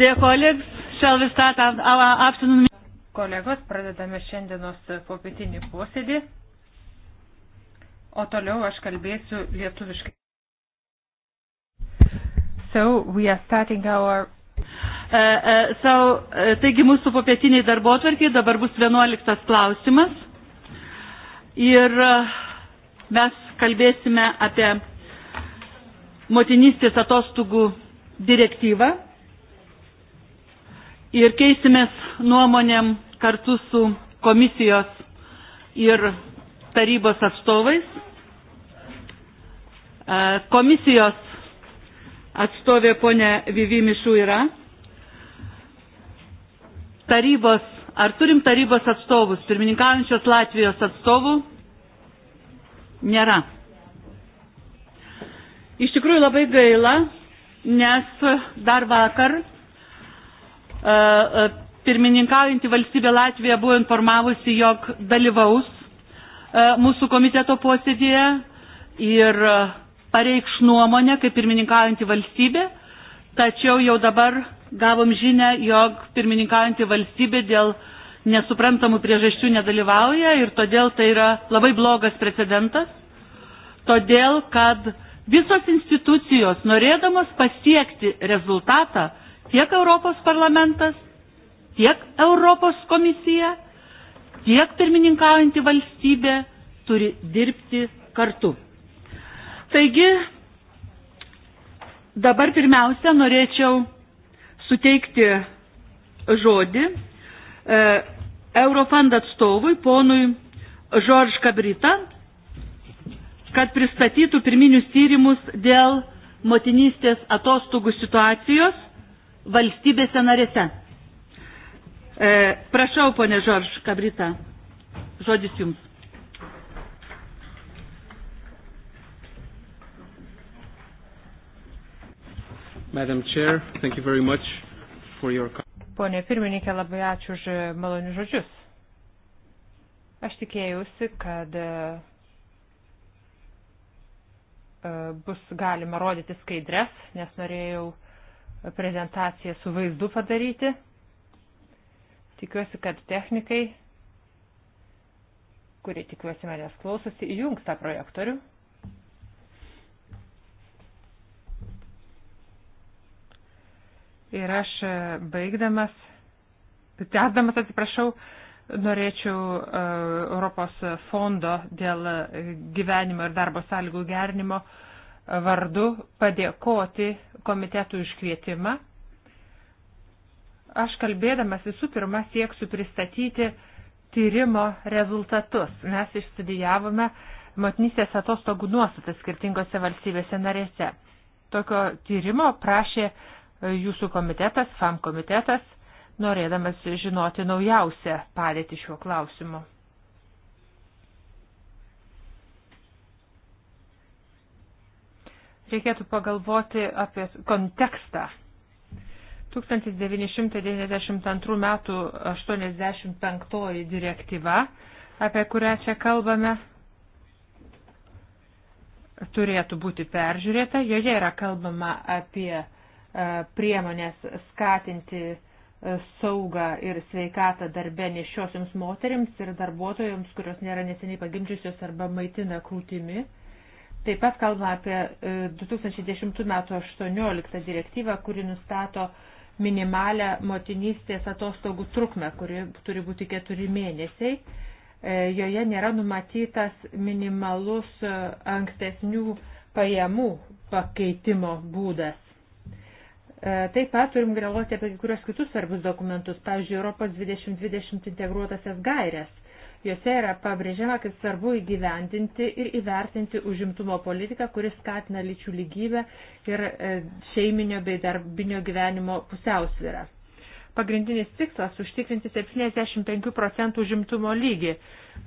Dear colleagues, shall we start our afternoon? Kolegos, pradedame šiandienos e, popietinį posėdį, o toliau aš kalbėsiu lietuviškai. So, we are starting our Uh, uh, so, uh, taigi mūsų popietiniai darbo atvarkiai dabar bus 11 klausimas ir mes kalbėsime apie motinystės atostogų direktyvą ir keisimės nuomonėm kartu su komisijos ir tarybos atstovais. E, komisijos atstovė ponė Vivimišų yra. Tarybos, ar turim tarybos atstovus, pirmininkaujančios Latvijos atstovų? Nėra. Iš tikrųjų labai gaila, nes dar vakar E, e, pirmininkaujantį valstybę Latviją buvo informavusi, jog dalyvaus e, mūsų komiteto posėdėje ir pareikš nuomonę kaip pirmininkaujantį valstybę, tačiau jau dabar gavom žinę, jog pirmininkaujantį valstybę dėl nesuprantamų priežasčių nedalyvauja ir todėl tai yra labai blogas precedentas, todėl kad visos institucijos norėdamos pasiekti rezultatą tiek Europos parlamentas, tiek Europos komisija, tiek pirmininkaujanti valstybė turi dirbti kartu. Taigi, dabar pirmiausia norėčiau suteikti žodį e, Eurofund atstovui, ponui Žorž Kabrita, kad pristatytų pirminius tyrimus dėl motinystės atostogų situacijos valstybėse narėse. E, prašau, ponė Žorž Kabrita, žodis jums. Madam Chair, thank you very much for your Pone pirmininkė, labai ačiū už malonius žodžius. Aš tikėjausi, kad e, e, bus galima rodyti skaidres, nes norėjau prezentaciją su vaizdu padaryti. Tikiuosi, kad technikai, kurie tikiuosi manęs klausosi, įjungs tą projektorių. Ir aš e, baigdamas, tęsdamas atsiprašau, norėčiau e, Europos fondo dėl gyvenimo ir darbo sąlygų gernimo uh, vardu padėkoti komitetų iškvietimą. Aš kalbėdamas visų pirma sieksiu pristatyti tyrimo rezultatus. Mes išstudijavome motinystės atostogų nuostatas skirtingose valstybėse narėse. Tokio tyrimo prašė jūsų komitetas, FAM komitetas, norėdamas žinoti naujausią padėtį šiuo klausimu. Reikėtų pagalvoti apie kontekstą. 1992 m. 85 direktyva, apie kurią čia kalbame, turėtų būti peržiūrėta. Joje yra kalbama apie e, priemonės skatinti e, saugą ir sveikatą darbę nešiosioms moterims ir darbuotojams, kurios nėra neseniai pagimdžiusios arba maitina krūtimi. Taip pat kalba apie 2010 m. 18 direktyvą, kuri nustato minimalę motinystės atostogų trukmę, kuri turi būti keturi mėnesiai. E, joje nėra numatytas minimalus e, ankstesnių pajamų pakeitimo būdas. E, taip pat turim galvoti apie kai kurios kitus svarbus dokumentus, pavyzdžiui, Europos 2020 integruotasias gairias. Jose yra pabrėžiama, kad svarbu įgyvendinti ir įvertinti užimtumo politiką, kuris skatina lyčių lygybę ir e, šeiminio bei darbinio gyvenimo pusiausvyrą. Pagrindinis tikslas - užtikrinti 75 procentų užimtumo lygį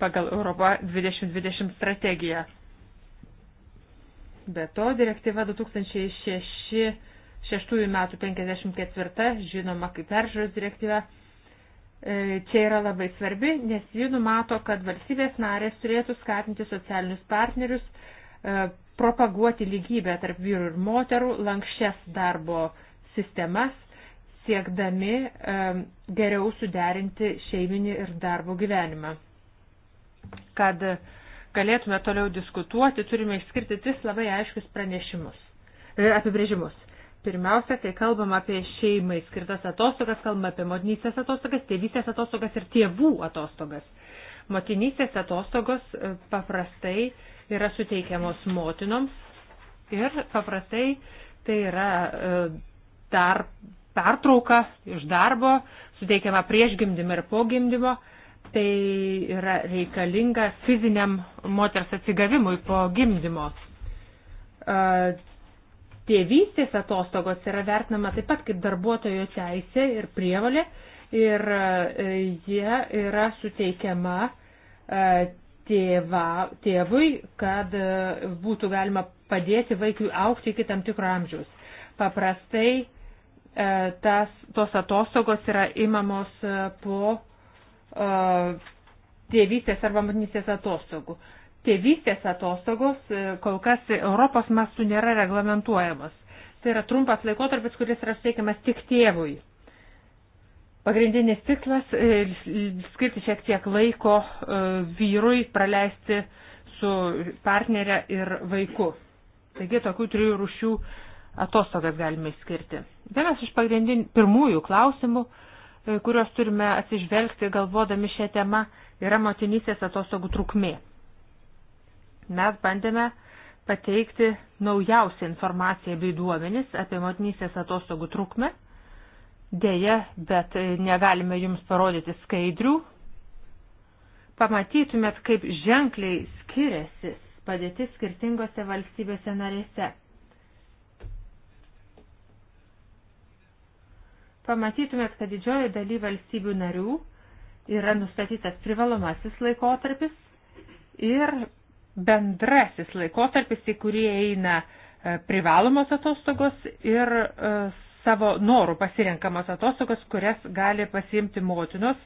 pagal Europą 2020 strategiją. Be to, direktyva 2006 metų 54, žinoma kaip peržiūros direktyva, E, čia yra labai svarbi, nes ji numato, kad valstybės narės turėtų skatinti socialinius partnerius, e, propaguoti lygybę tarp vyrų ir moterų, lankščias darbo sistemas, siekdami e, geriau suderinti šeiminį ir darbo gyvenimą. Kad galėtume toliau diskutuoti, turime išskirti tris labai aiškius pranešimus, apibrėžimus. Pirmiausia, kai kalbam apie šeimai skirtas atostogas, kalbam apie motinystės atostogas, tėvystės atostogas ir tėvų atostogas. Motinystės atostogos e, paprastai yra suteikiamos motinoms ir paprastai tai yra e, dar pertrauka iš darbo, suteikiama prieš gimdymą ir po gimdymo. Tai yra reikalinga fiziniam moters atsigavimui po gimdymo e, tėvystės atostogos yra vertinama taip pat kaip darbuotojo teisė ir prievalė ir e, jie yra suteikiama e, tėva, tėvui, kad e, būtų galima padėti vaikui aukti iki tam tikro amžiaus. Paprastai tas, tos atostogos yra imamos po tėvystės arba motinystės atostogų. Tėvystės atostogos e, kol kas Europos mastu nėra reglamentuojamos. Tai yra trumpas laikotarpis, kuris yra suteikiamas tik tėvui. Pagrindinis tikslas e, - skirti šiek tiek laiko e, vyrui praleisti su partnerė ir vaiku. Taigi tokių trijų rušių atostogas galime skirti. Vienas iš pagrindinių pirmųjų klausimų, kuriuos turime atsižvelgti galvodami šią temą, yra motinysės atostogų trukmė mes bandėme pateikti naujausią informaciją bei duomenis apie motinysės atostogų trukmę. Deja, bet negalime jums parodyti skaidrių. Pamatytumėt, kaip ženkliai skiriasi padėtis skirtingose valstybėse narėse. Pamatytumėt, kad didžioji daly valstybių narių yra nustatytas privalomasis laikotarpis ir bendrasis laikotarpis, į kurį eina e, privalomos atostogos ir e, savo norų pasirenkamos atostogos, kurias gali pasiimti motinos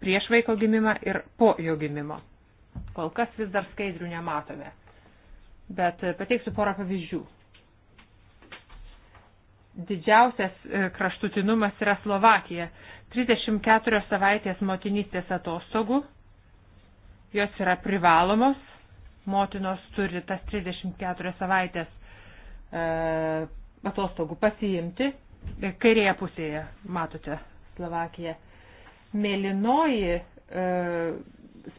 prieš vaiko gimimą ir po jo gimimo. Kol kas vis dar skaidrių nematome, bet e, pateiksiu porą pavyzdžių. Didžiausias kraštutinumas yra Slovakija. 34 savaitės motinystės atostogų, jos yra privalomos motinos turi tas 34 savaitės e, atostogų pasiimti. E, kairėje pusėje matote Slovakiją. Mėlynoji e,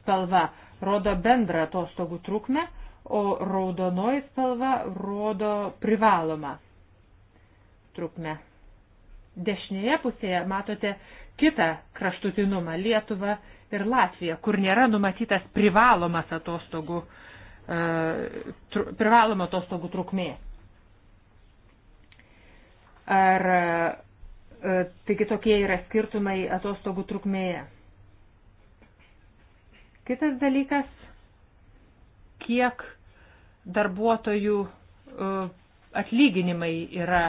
spalva rodo bendrą atostogų trukmę, o raudonoji spalva rodo privalomą trukmę. Dešinėje pusėje matote kitą kraštutinumą - Lietuvą ir Latviją, kur nėra numatytas privalomas atostogų uh, E, privalomo atostogų trukmė. Ar e, e, taigi tokie yra skirtumai atostogų trukmėje? Kitas dalykas, kiek darbuotojų atlyginimai yra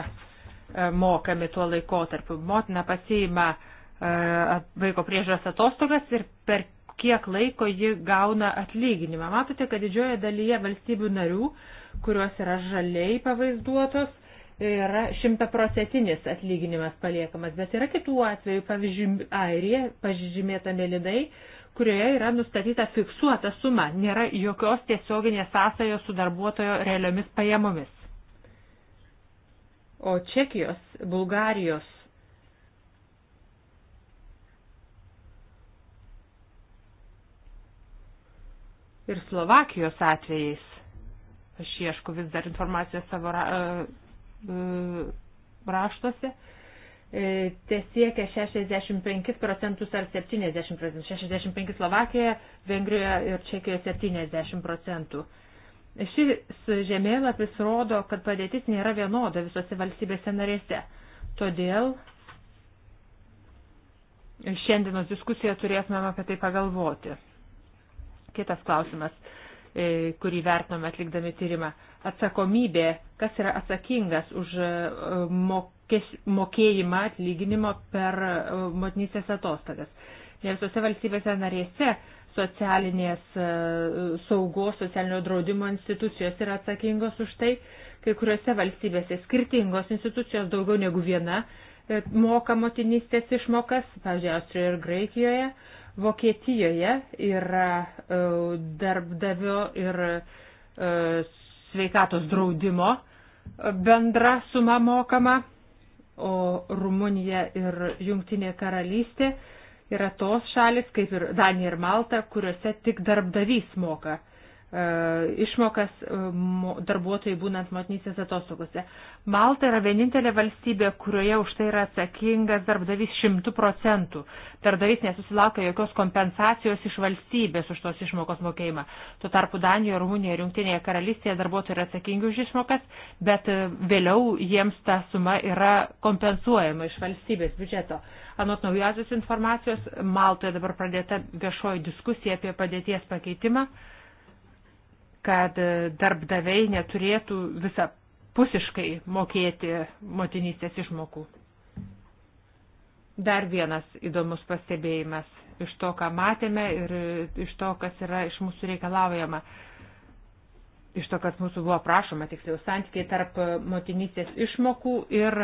mokami tuo laikotarpiu. Motina pasiima vaiko priežas atostogas ir per kiek laiko ji gauna atlyginimą. Matote, kad didžioje dalyje valstybių narių, kurios yra žaliai pavaizduotos, yra šimtaprocentinis atlyginimas paliekamas, bet yra kitų atvejų, pavyzdžiui, Airija, pažymėta mėlynai, kurioje yra nustatyta fiksuota suma, nėra jokios tiesioginės sąsajos su darbuotojo realiomis pajamomis. O Čekijos, Bulgarijos ir Slovakijos atvejais. Aš iešku vis dar informacijos savo ra, e, e raštuose. E, Te siekia 65 procentus ar 70 procentų. 65 Slovakijoje, Vengrijoje ir Čekijoje 70 procentų. Šis žemėlapis rodo, kad padėtis nėra vienoda visose valstybėse narėse. Todėl šiandienos diskusiją turėtumėm apie tai pagalvoti kitas klausimas, e, kurį vertinome atlikdami tyrimą. Atsakomybė, kas yra atsakingas už e, mokės, mokėjimą atlyginimo per e, motinysės atostogas. Ne visose valstybėse narėse socialinės saugos, socialinio draudimo institucijos yra atsakingos už tai. Kai kuriuose valstybėse skirtingos institucijos daugiau negu viena moka motinystės išmokas, pavyzdžiui, Austrijoje ir Graikijoje Vokietijoje yra e, darbdavio ir e, sveikatos draudimo e, bendra suma mokama, o Rumunija ir Jungtinė karalystė yra tos šalis, kaip ir Danija ir Malta, kuriuose tik darbdavys moka išmokas e, darbuotojai būnant motinysės atostogose. Malta yra vienintelė valstybė, kurioje už tai yra atsakingas darbdavys šimtų procentų. Darbdavys nesusilaukia jokios kompensacijos iš valstybės už tos išmokos mokėjimą. Tuo tarpu Danijoje, Rumunijoje ir Junktinėje karalystėje darbuotojai yra atsakingi už išmokas, bet e, vėliau jiems ta suma yra kompensuojama iš valstybės biudžeto. Anot naujausios informacijos, Maltoje dabar pradėta viešoji diskusija apie padėties pakeitimą kad darbdaviai neturėtų visapusiškai mokėti motinystės išmokų. Dar vienas įdomus pastebėjimas iš to, ką matėme ir iš to, kas yra iš mūsų reikalaujama, iš to, kas mūsų buvo prašoma, tiksliau, santykiai tarp motinystės išmokų ir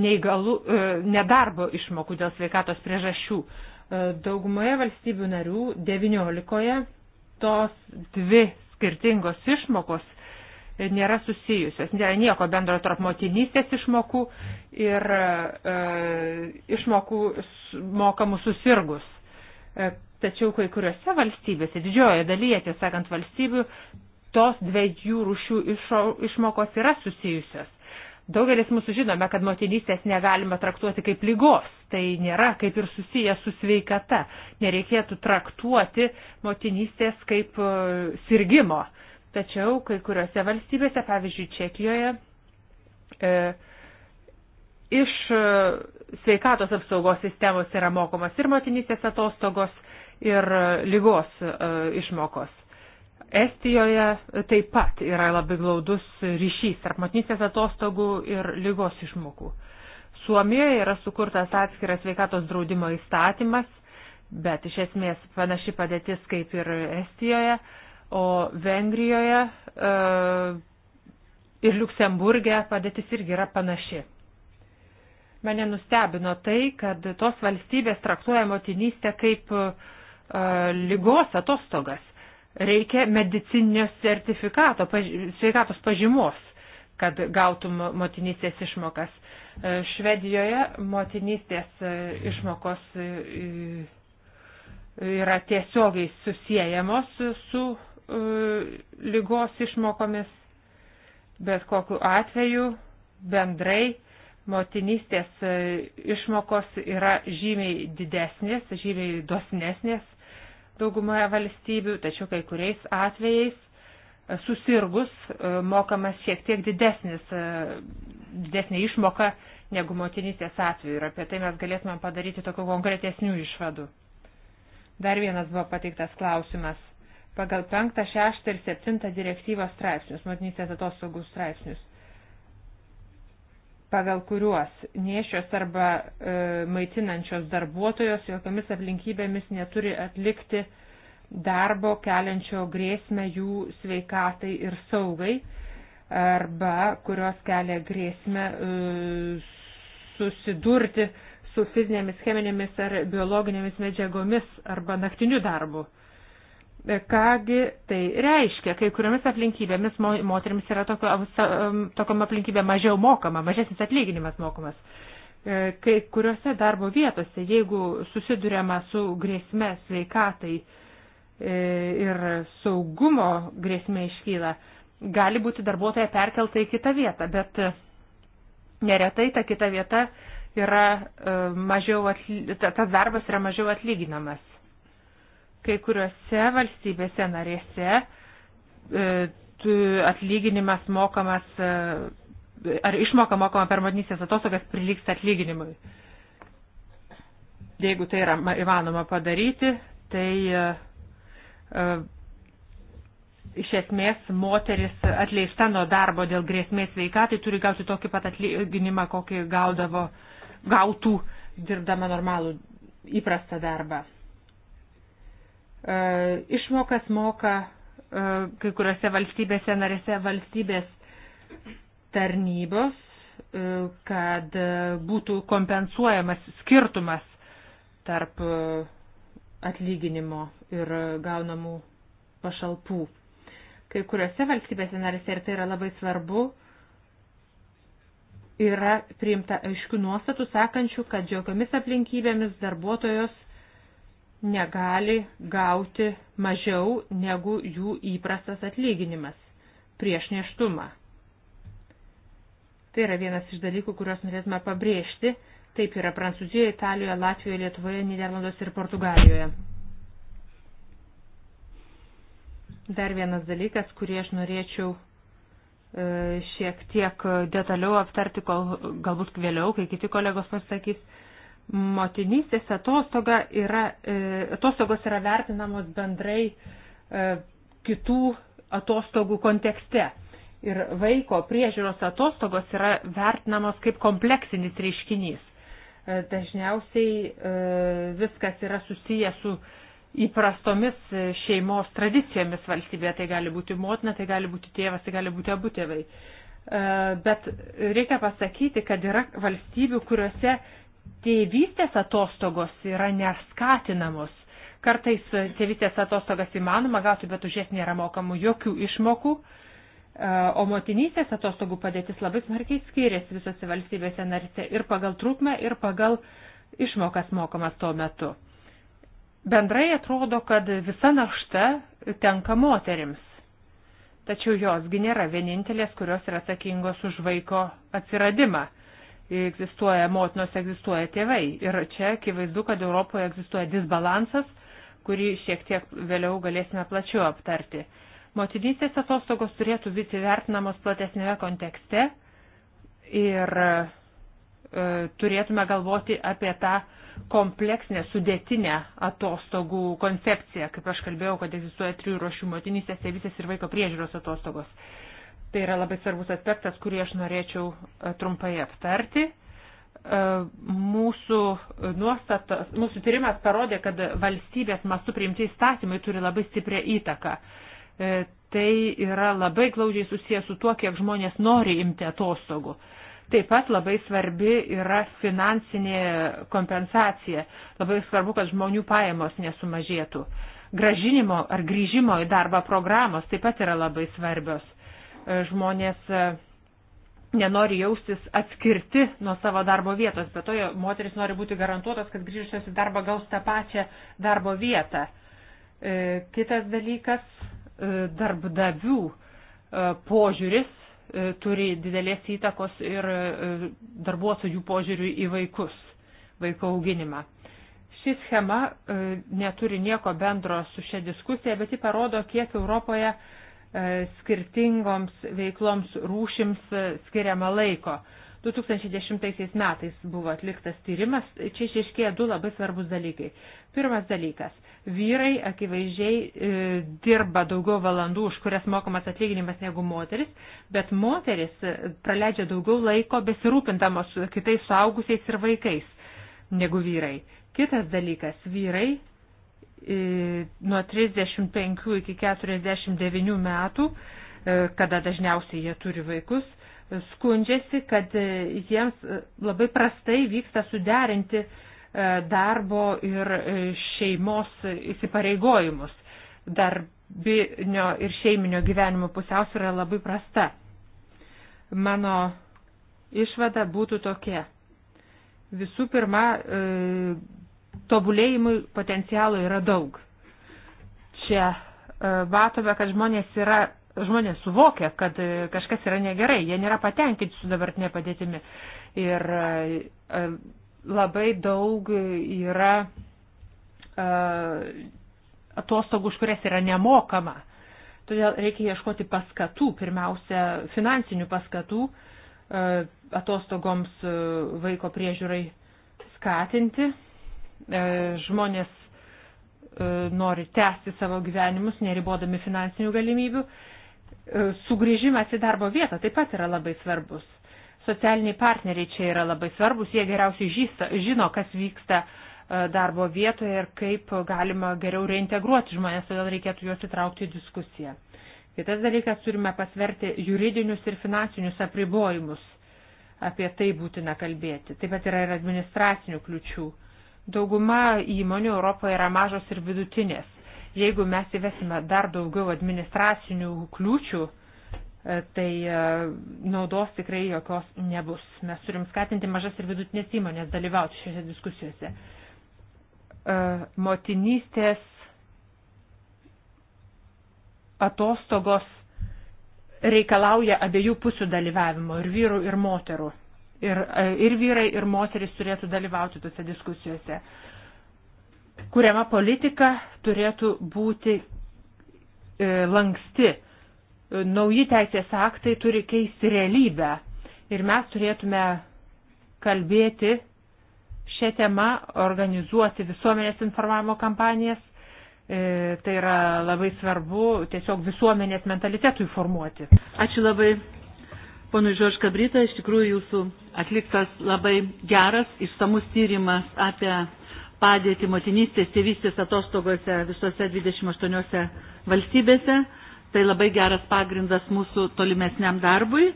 neįgalų, e, nedarbo išmokų dėl sveikatos priežasčių. E, daugumoje valstybių narių, 19, tos dvi skirtingos išmokos nėra susijusios. Nėra nieko bendro tarp motinystės išmokų ir e, išmokų mokamų susirgus. E, tačiau kai kuriuose valstybėse, didžiojoje dalyje, tiesą sakant, valstybių, tos dviejų rūšių išmokos yra susijusios. Daugelis mūsų žinome, kad motinystės negalima traktuoti kaip lygos, tai nėra kaip ir susiję su sveikata. Nereikėtų traktuoti motinystės kaip e, sirgymo. Tačiau kai kuriuose valstybėse, pavyzdžiui Čekijoje, e, iš e, sveikatos apsaugos sistemos yra mokomas ir motinystės atostogos, ir e, lygos e, išmokos. Estijoje taip pat yra labai glaudus ryšys tarp motinystės atostogų ir lygos išmokų. Suomijoje yra sukurtas atskiras sveikatos draudimo įstatymas, bet iš esmės panaši padėtis kaip ir Estijoje, o Vengrijoje e, ir Luksemburgė padėtis irgi yra panaši. Mane nustebino tai, kad tos valstybės traktuoja motinystę kaip e, lygos atostogas reikia medicinio sertifikato, sveikatos pažymos, kad gautum motinystės išmokas. E, Švedijoje motinystės e, išmokos e, yra tiesiogiai susijęjamos su lygos išmokomis, bet kokiu atveju bendrai motinystės išmokos yra žymiai didesnės, žymiai dosnesnės daugumoje valstybių, tačiau kai kuriais atvejais e, susirgus e, mokamas šiek tiek didesnis, e, didesnė išmoka negu motinystės atveju ir apie tai mes galėtume padaryti tokių konkretesnių išvadų. Dar vienas buvo pateiktas klausimas. Pagal 5, 6 ir 7 direktyvos straipsnius, motinystės atostogų straipsnius pagal kuriuos niešios arba e, maitinančios darbuotojos jokiamis aplinkybėmis neturi atlikti darbo keliančio grėsmę jų sveikatai ir saugai arba kurios kelia grėsmę e, susidurti su fizinėmis, cheminėmis ar biologinėmis medžiagomis arba naktiniu darbu. E, kągi tai reiškia, kai kuriomis aplinkybėmis moteriams yra tokio, tokiam aplinkybė mažiau mokama, mažesnis atlyginimas mokamas. E, kai kuriuose darbo vietose, jeigu susidurėma su grėsme sveikatai e, ir saugumo grėsme iškyla, gali būti darbuotoja perkelta į kitą vietą, bet neretai ta kita vieta yra mažiau, tas darbas yra mažiau atlyginamas Kai kuriuose valstybėse narėse e, atlyginimas mokamas e, ar išmoka mokama per motinysės atostogas prilyksta atlyginimui. Jeigu tai yra įmanoma padaryti, tai e, iš esmės moteris atleista nuo darbo dėl grėsmės veikatai turi gauti tokį pat atlyginimą, kokį gaudavo, gautų dirbdama normalų įprastą darbą. E, išmokas moka e, kai kuriuose valstybėse narėse valstybės tarnybos, e, kad būtų kompensuojamas skirtumas tarp atlyginimo ir gaunamų pašalpų. Kai kuriuose valstybėse narėse, ir tai yra labai svarbu, yra priimta aiškių nuostatų sakančių, kad jokiomis aplinkybėmis darbuotojos negali gauti mažiau negu jų įprastas atlyginimas prieš neštumą. Tai yra vienas iš dalykų, kuriuos norėtume pabrėžti. Taip yra Prancūzijoje, Italijoje, Latvijoje, Lietuvoje, Niderlanduose ir Portugalijoje. Dar vienas dalykas, kurį aš norėčiau e, šiek tiek detaliau aptarti, kol, galbūt vėliau, kai kiti kolegos pasakys, motinystės atostoga yra, e, atostogos yra vertinamos bendrai e, kitų atostogų kontekste. Ir vaiko priežiūros atostogos yra vertinamos kaip kompleksinis reiškinys. E, dažniausiai viskas yra susiję su įprastomis šeimos tradicijomis valstybėje. Tai gali būti motina, tai gali būti tėvas, tai gali būti abu tėvai. Bet reikia pasakyti, kad yra valstybių, kuriuose tėvystės atostogos yra neskatinamos. Kartais tėvystės atostogas įmanoma gauti, bet už jas nėra mokamų jokių išmokų. E, o motinystės atostogų padėtis labai smarkiai skiriasi visose valstybėse narise ir pagal trukmę, ir pagal išmokas mokamas tuo metu. Bendrai atrodo, kad visa našta tenka moterims. Tačiau josgi nėra vienintelės, kurios yra atsakingos už vaiko atsiradimą egzistuoja motinos, egzistuoja tėvai. Ir čia akivaizdu, kad Europoje egzistuoja disbalansas, kurį šiek tiek vėliau galėsime plačiau aptarti. Motinystės atostogos turėtų būti vertinamos platesnėme kontekste ir e, turėtume galvoti apie tą kompleksinę, sudėtinę atostogų koncepciją, kaip aš kalbėjau, kad egzistuoja trijų ruošių motinystės, tėvystės ir vaiko priežiūros atostogos. E, Tai yra labai svarbus aspektas, kurį aš norėčiau e, trumpai aptarti. E, mūsų, nuostatos, mūsų tyrimas parodė, kad valstybės mastu priimti įstatymai turi labai stiprią įtaką. E, tai yra labai glaudžiai susijęs su tuo, kiek žmonės nori imti atostogų. Taip pat labai svarbi yra finansinė kompensacija. Labai svarbu, kad žmonių pajamos nesumažėtų. Gražinimo ar grįžimo į darbą programos taip pat yra labai svarbios E, žmonės e, nenori jaustis atskirti nuo savo darbo vietos, bet to moteris nori būti garantuotos, kad grįžusios į darbą gaus tą pačią darbo vietą. E, kitas dalykas - darbdavių požiūris turi didelės įtakos ir darbuotojų požiūrių į vaikus, vaiko auginimą. Ši schema neturi nieko bendro su šia diskusija, bet ji parodo, kiek Europoje uh, E, skirtingoms veikloms rūšims e, skiriama laiko. 2010 metais buvo atliktas tyrimas, čia išaiškėjo du labai svarbus dalykai. Pirmas dalykas - vyrai akivaizdžiai e, dirba daugiau valandų, už kurias mokamas atlyginimas negu moteris, bet moteris e, praleidžia daugiau laiko besirūpintamos kitais suaugusiais ir vaikais negu vyrai. Kitas dalykas - vyrai nuo 35 iki 49 metų, e, kada dažniausiai jie turi vaikus, skundžiasi, kad e, jiems e, labai prastai vyksta suderinti darbo ir šeimos įsipareigojimus. Darbinio ir šeiminio gyvenimo pusiausvyrą labai prasta. Mano išvada būtų tokia. Visų pirma, tobulėjimui potencialo yra daug. Čia e, matome, kad žmonės yra žmonės suvokia, kad e, kažkas yra negerai, jie nėra patenkinti su dabartinė padėtimi. Ir e, labai daug yra atostogų, už kurias yra nemokama. Todėl reikia ieškoti paskatų, pirmiausia, finansinių paskatų atostogoms vaiko priežiūrai skatinti E, žmonės e, nori tęsti savo gyvenimus, neribodami finansinių galimybių. E, sugrįžimas į darbo vietą taip pat yra labai svarbus. Socialiniai partneriai čia yra labai svarbus, jie geriausiai žysta, žino, kas vyksta darbo vietoje ir kaip galima geriau reintegruoti žmonės, todėl reikėtų juos įtraukti į diskusiją. Kitas dalykas, turime pasverti juridinius ir finansinius apribojimus. Apie tai būtina kalbėti. Taip pat yra ir administracinių kliučių Dauguma įmonių Europoje yra mažos ir vidutinės. Jeigu mes įvesime dar daugiau administracinių kliūčių, e, tai e, naudos tikrai jokios nebus. Mes turim skatinti mažas ir vidutinės įmonės dalyvauti šiose diskusijose. E, motinystės atostogos reikalauja abiejų pusių dalyvavimo ir vyrų ir moterų ir, e, ir vyrai, ir moteris turėtų dalyvauti tose diskusijose. Kuriama politika turėtų būti e, lanksti. E, nauji teisės aktai turi keisti realybę. Ir mes turėtume kalbėti šią temą, organizuoti visuomenės informavimo kampanijas. E, tai yra labai svarbu tiesiog visuomenės mentalitetui formuoti. Ačiū labai. Ponui Žorž Kabrita, iš tikrųjų jūsų atliktas labai geras, išsamus tyrimas apie padėtį motinystės, tėvystės atostogose visose 28 valstybėse. Tai labai geras pagrindas mūsų tolimesniam darbui.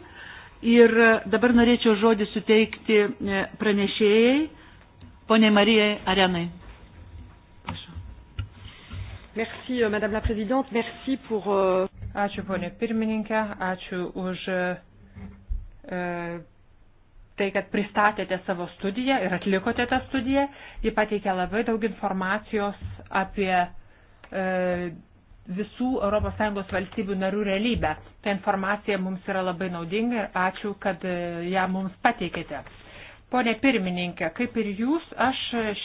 Ir dabar norėčiau žodį suteikti e, pranešėjai, poniai Marijai Arenai. Prašau. Merci, euh, Madame la Présidente, merci pour. Euh, ačiū, ponė pirmininkė, ačiū už. Uh E, tai, kad pristatėte savo studiją ir atlikote tą studiją. Ji pateikė labai daug informacijos apie e, visų ES valstybių narių realybę. Ta informacija mums yra labai naudinga ir ačiū, kad e, ją mums pateikėte. Pone pirmininkė, kaip ir jūs, aš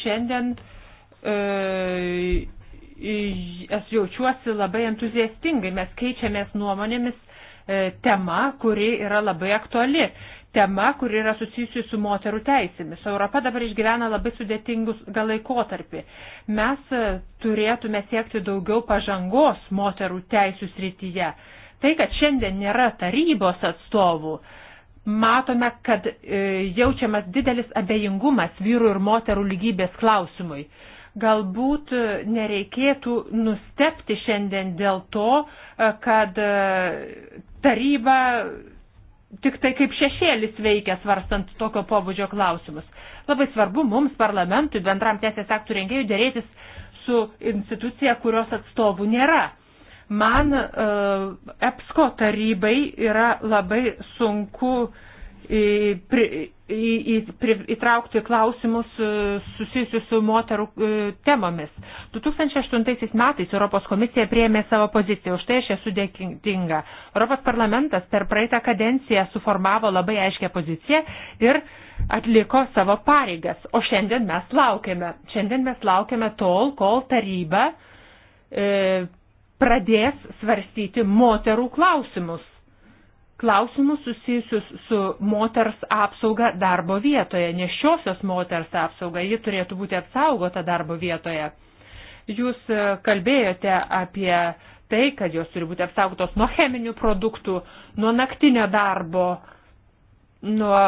šiandien e, aš jaučiuosi labai entuziastingai. Mes keičiamės nuomonėmis E, tema, kuri yra labai aktuali, tema, kuri yra susijusi su moterų teisėmis. Europa dabar išgyvena labai sudėtingus galaikotarpį. Mes e, turėtume siekti daugiau pažangos moterų teisų srityje. Tai, kad šiandien nėra tarybos atstovų, matome, kad e, jaučiamas didelis abejingumas vyrų ir moterų lygybės klausimui. Galbūt nereikėtų nustepti šiandien dėl to, e, kad e, taryba tik tai kaip šešėlis veikia svarstant tokio pobūdžio klausimus. Labai svarbu mums, parlamentui, bendram teisės aktų rengėjų dėrėtis su institucija, kurios atstovų nėra. Man uh, EPSCO tarybai yra labai sunku uh, pri, į, į, pri, įtraukti klausimus e, susijusius su moterų e, temomis. 2008 metais Europos komisija priėmė savo poziciją, už tai aš esu dėkinga. Europos parlamentas per praeitą kadenciją suformavo labai aiškę poziciją ir atliko savo pareigas. O šiandien mes laukiame. Šiandien mes laukiame tol, kol taryba e, pradės svarstyti moterų klausimus klausimus susijusius su moters apsauga darbo vietoje, nešiosios moters apsauga, ji turėtų būti apsaugota darbo vietoje. Jūs e, kalbėjote apie tai, kad jos turi būti apsaugotos nuo cheminių produktų, nuo naktinio darbo, nuo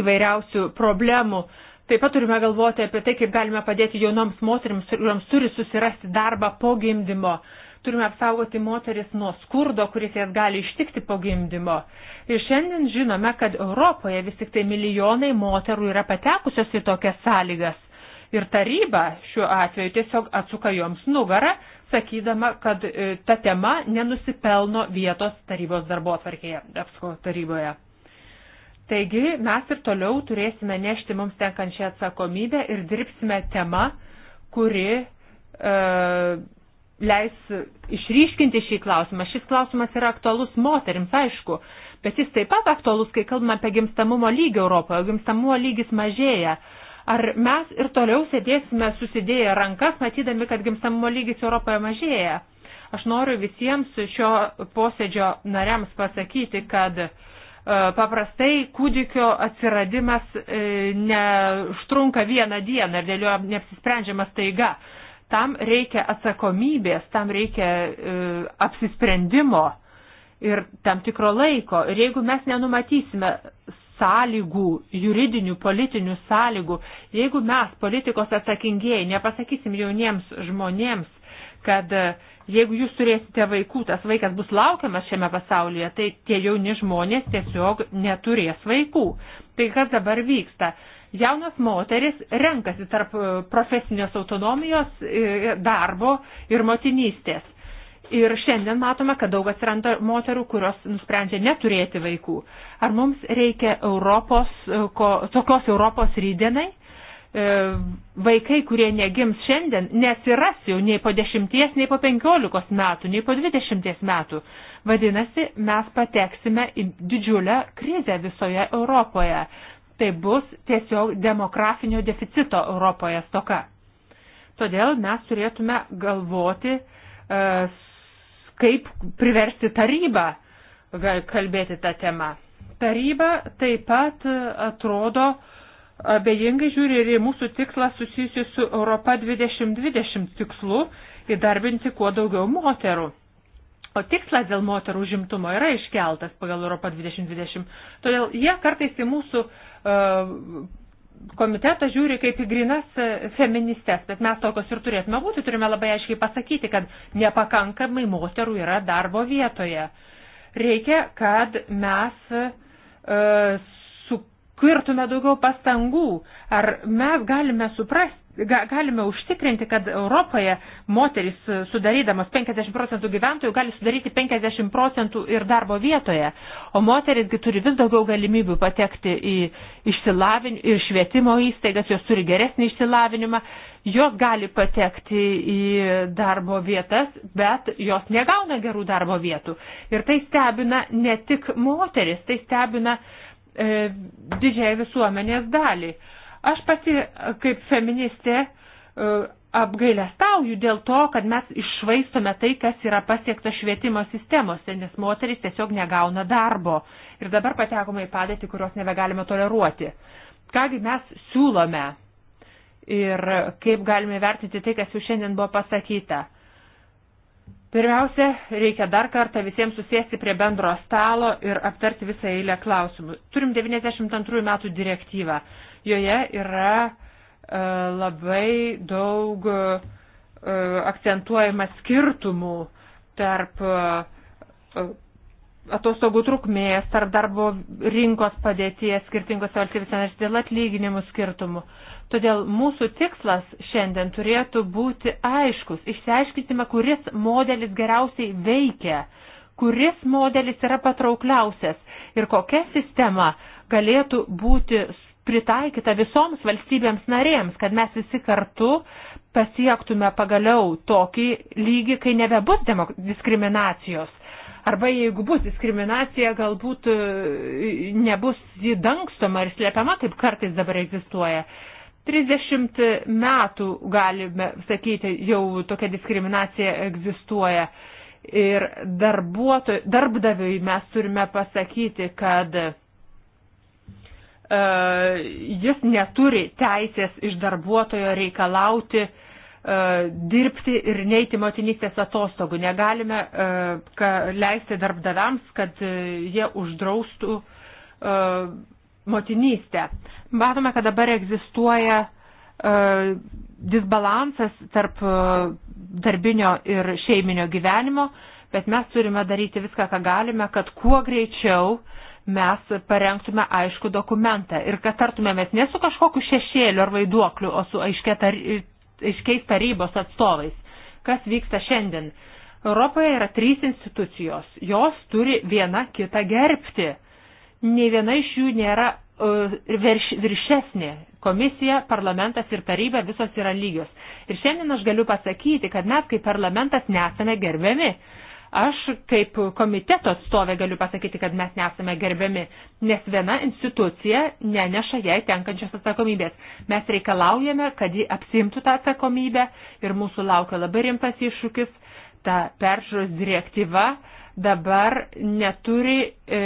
įvairiausių problemų. Taip pat turime galvoti apie tai, kaip galime padėti jaunoms moteriams, kuriams turi susirasti darbą po gimdymo. Uh, Turime apsaugoti moteris nuo skurdo, kuris jas gali ištikti po gimdymo. Ir šiandien žinome, kad Europoje vis tik tai milijonai moterų yra patekusios į tokias sąlygas. Ir taryba šiuo atveju tiesiog atsuka joms nugarą, sakydama, kad e, ta tema nenusipelno vietos tarybos darbo atvarkėje, EPSCO taryboje. Taigi mes ir toliau turėsime nešti mums tenkančią atsakomybę ir dirbsime tema, kuri e, leis išryškinti šį klausimą. Šis klausimas yra aktualus moterims, aišku, bet jis taip pat aktualus, kai kalbame apie gimstamumo lygį Europoje. Gimstamumo lygis mažėja. Ar mes ir toliau sėdėsime susidėję rankas, matydami, kad gimstamumo lygis Europoje mažėja? Aš noriu visiems šio posėdžio nariams pasakyti, kad e, paprastai kūdikio atsiradimas e, neužtrunka vieną dieną ir dėl jo neapsisprendžiama staiga. Tam reikia atsakomybės, tam reikia e, apsisprendimo ir tam tikro laiko. Ir jeigu mes nenumatysime sąlygų, juridinių, politinių sąlygų, jeigu mes, politikos atsakingieji, nepasakysim jauniems žmonėms, kad e, jeigu jūs turėsite vaikų, tas vaikas bus laukiamas šiame pasaulyje, tai tie jauni žmonės tiesiog neturės vaikų. Tai kas dabar vyksta? Jaunos moteris renkasi tarp e, profesinės autonomijos, e, darbo ir motinystės. Ir šiandien matome, kad daug atsiranda moterų, kurios nusprendžia neturėti vaikų. Ar mums reikia Europos, e, ko, tokios Europos rydienai? vaikai, kurie negims šiandien, nesiras jau nei po dešimties, nei po penkiolikos metų, nei po dvidešimties metų. Vadinasi, mes pateksime į didžiulę krizę visoje Europoje tai bus tiesiog demografinio deficito Europoje stoka. Todėl mes turėtume galvoti, e, kaip priversti tarybą kalbėti tą temą. Taryba taip pat atrodo abejingai žiūri ir į mūsų tikslą susijusiu su Europa 2020 tikslu įdarbinti kuo daugiau moterų. O tikslas dėl moterų užimtumo yra iškeltas pagal Europą 2020. Todėl jie kartais į mūsų uh, E, komitetą žiūri kaip į grinas e, feministes, bet mes tokios ir turėtume būti, turime labai aiškiai pasakyti, kad nepakankamai moterų yra darbo vietoje. Reikia, kad mes uh, e, sukirtume daugiau pastangų. Ar mes galime suprasti, galime užtikrinti, kad Europoje moteris e, sudarydamas 50 procentų gyventojų gali sudaryti 50 procentų ir darbo vietoje, o moterisgi turi vis daugiau galimybių patekti į išsilavin, ir švietimo įstaigas, jos turi geresnį išsilavinimą, jos gali patekti į darbo vietas, bet jos negauna gerų darbo vietų. Ir tai stebina ne tik moteris, tai stebina e, didžiai visuomenės dalį. E, Aš pati e, kaip feministė e, apgailestauju dėl to, kad mes išvaistome tai, kas yra pasiekta švietimo sistemose, nes moteris tiesiog negauna darbo. Ir dabar patekome į padėtį, kurios nebegalime toleruoti. Kągi mes siūlome ir kaip galime vertinti tai, kas jau šiandien buvo pasakyta. Pirmiausia, reikia dar kartą visiems susėsti prie bendro stalo ir aptarti visą eilę klausimų. Turim 92 metų direktyvą. Joje yra e, labai daug e, akcentuojama skirtumų tarp e, atostogų trukmės, tarp darbo rinkos padėties skirtingose valstybėse narės dėl atlyginimų skirtumų. Todėl mūsų tikslas šiandien turėtų būti aiškus. Išsiaiškinsime, kuris modelis geriausiai veikia, kuris modelis yra patraukliausias ir kokia sistema galėtų būti pritaikyta visoms valstybėms narėms, kad mes visi kartu pasiektume pagaliau tokį lygį, kai nebebus diskriminacijos. Arba jeigu bus diskriminacija, galbūt e, nebus jį dangstoma ir slėpiama, kaip kartais dabar egzistuoja. 30 metų, galime sakyti, jau tokia diskriminacija egzistuoja. Ir darbdaviui mes turime pasakyti, kad E, jis neturi teisės iš darbuotojo reikalauti e, dirbti ir neiti motinystės atostogų. Negalime e, leisti darbdaviams, kad jie uždraustų motinystę. Matome, kad dabar egzistuoja disbalansas tarp darbinio ir šeiminio gyvenimo, bet mes turime daryti viską, ką galime, kad kuo greičiau uh, mes parengtume aišku dokumentą ir kad tartumėmės ne su kažkokiu šešėliu ar vaiduokliu, o su aiškiais tarybos atstovais. Kas vyksta šiandien? Europoje yra trys institucijos, jos turi viena kitą gerbti. Nei viena iš jų nėra uh, virš, viršesnė. Komisija, parlamentas ir taryba visos yra lygios. Ir šiandien aš galiu pasakyti, kad mes kaip parlamentas nesame gerbiami. Uh, Aš kaip komiteto atstovė galiu pasakyti, kad mes nesame gerbiami, nes viena institucija neneša jai tenkančios atsakomybės. Mes reikalaujame, kad ji apsimtų tą atsakomybę ir mūsų laukia labai rimtas iššūkis. Ta peržiūros direktyva dabar neturi e,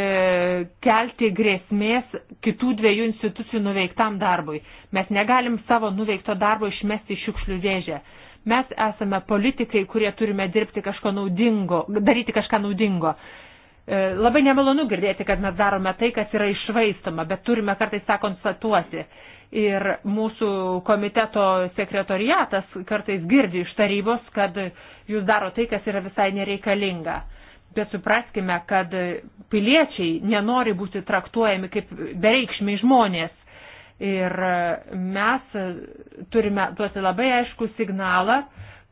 kelti grėsmės kitų dviejų institucijų nuveiktam darbui. Mes negalim savo nuveikto darbo išmesti šiukšlių dėžę. Mes esame politikai, kurie turime dirbti kažko naudingo, daryti kažką naudingo. E, labai nemalonu girdėti, kad mes darome tai, kas yra išvaistoma, bet turime kartais tą konstatuoti. Ir mūsų komiteto sekretoriatas kartais girdi iš tarybos, kad jūs daro tai, kas yra visai nereikalinga. Bet supraskime, kad piliečiai nenori būti traktuojami kaip bereikšmiai žmonės Ir mes turime duoti labai aišku signalą,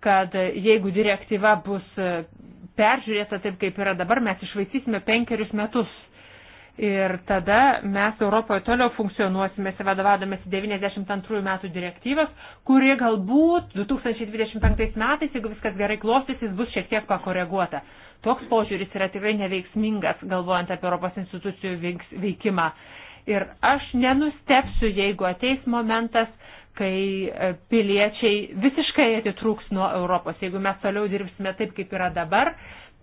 kad jeigu direktyva bus peržiūrėta taip, kaip yra dabar, mes išvaistysime penkerius metus. Ir tada mes Europoje toliau funkcionuosime, vadovadomėsi 92 metų direktyvas, kuri galbūt 2025 metais, jeigu viskas gerai klostysis, bus šiek tiek pakoreguota. Toks požiūris yra tikrai neveiksmingas, galvojant apie Europos institucijų veikimą. Ir aš nenustepsiu, jeigu ateis momentas, kai e, piliečiai visiškai atitrūks nuo Europos. Jeigu mes toliau dirbsime taip, kaip yra dabar,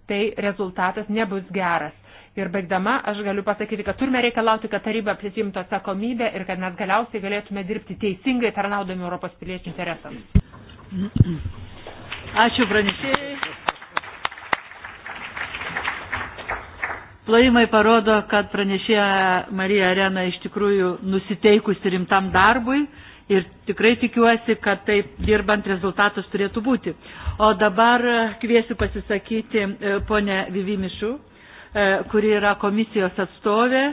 tai rezultatas nebus geras. Ir baigdama, aš galiu pasakyti, kad turime reikalauti, kad taryba prisimtų atsakomybę ir kad mes galiausiai galėtume dirbti teisingai, tarnaudami Europos piliečių interesams. Ačiū pranešėjai. Plojimai parodo, kad pranešėja Marija Arena iš tikrųjų nusiteikusi rimtam darbui ir tikrai tikiuosi, kad taip dirbant rezultatas turėtų būti. O dabar kviesiu pasisakyti e, ponę Vivimišų e, kuri yra komisijos atstovė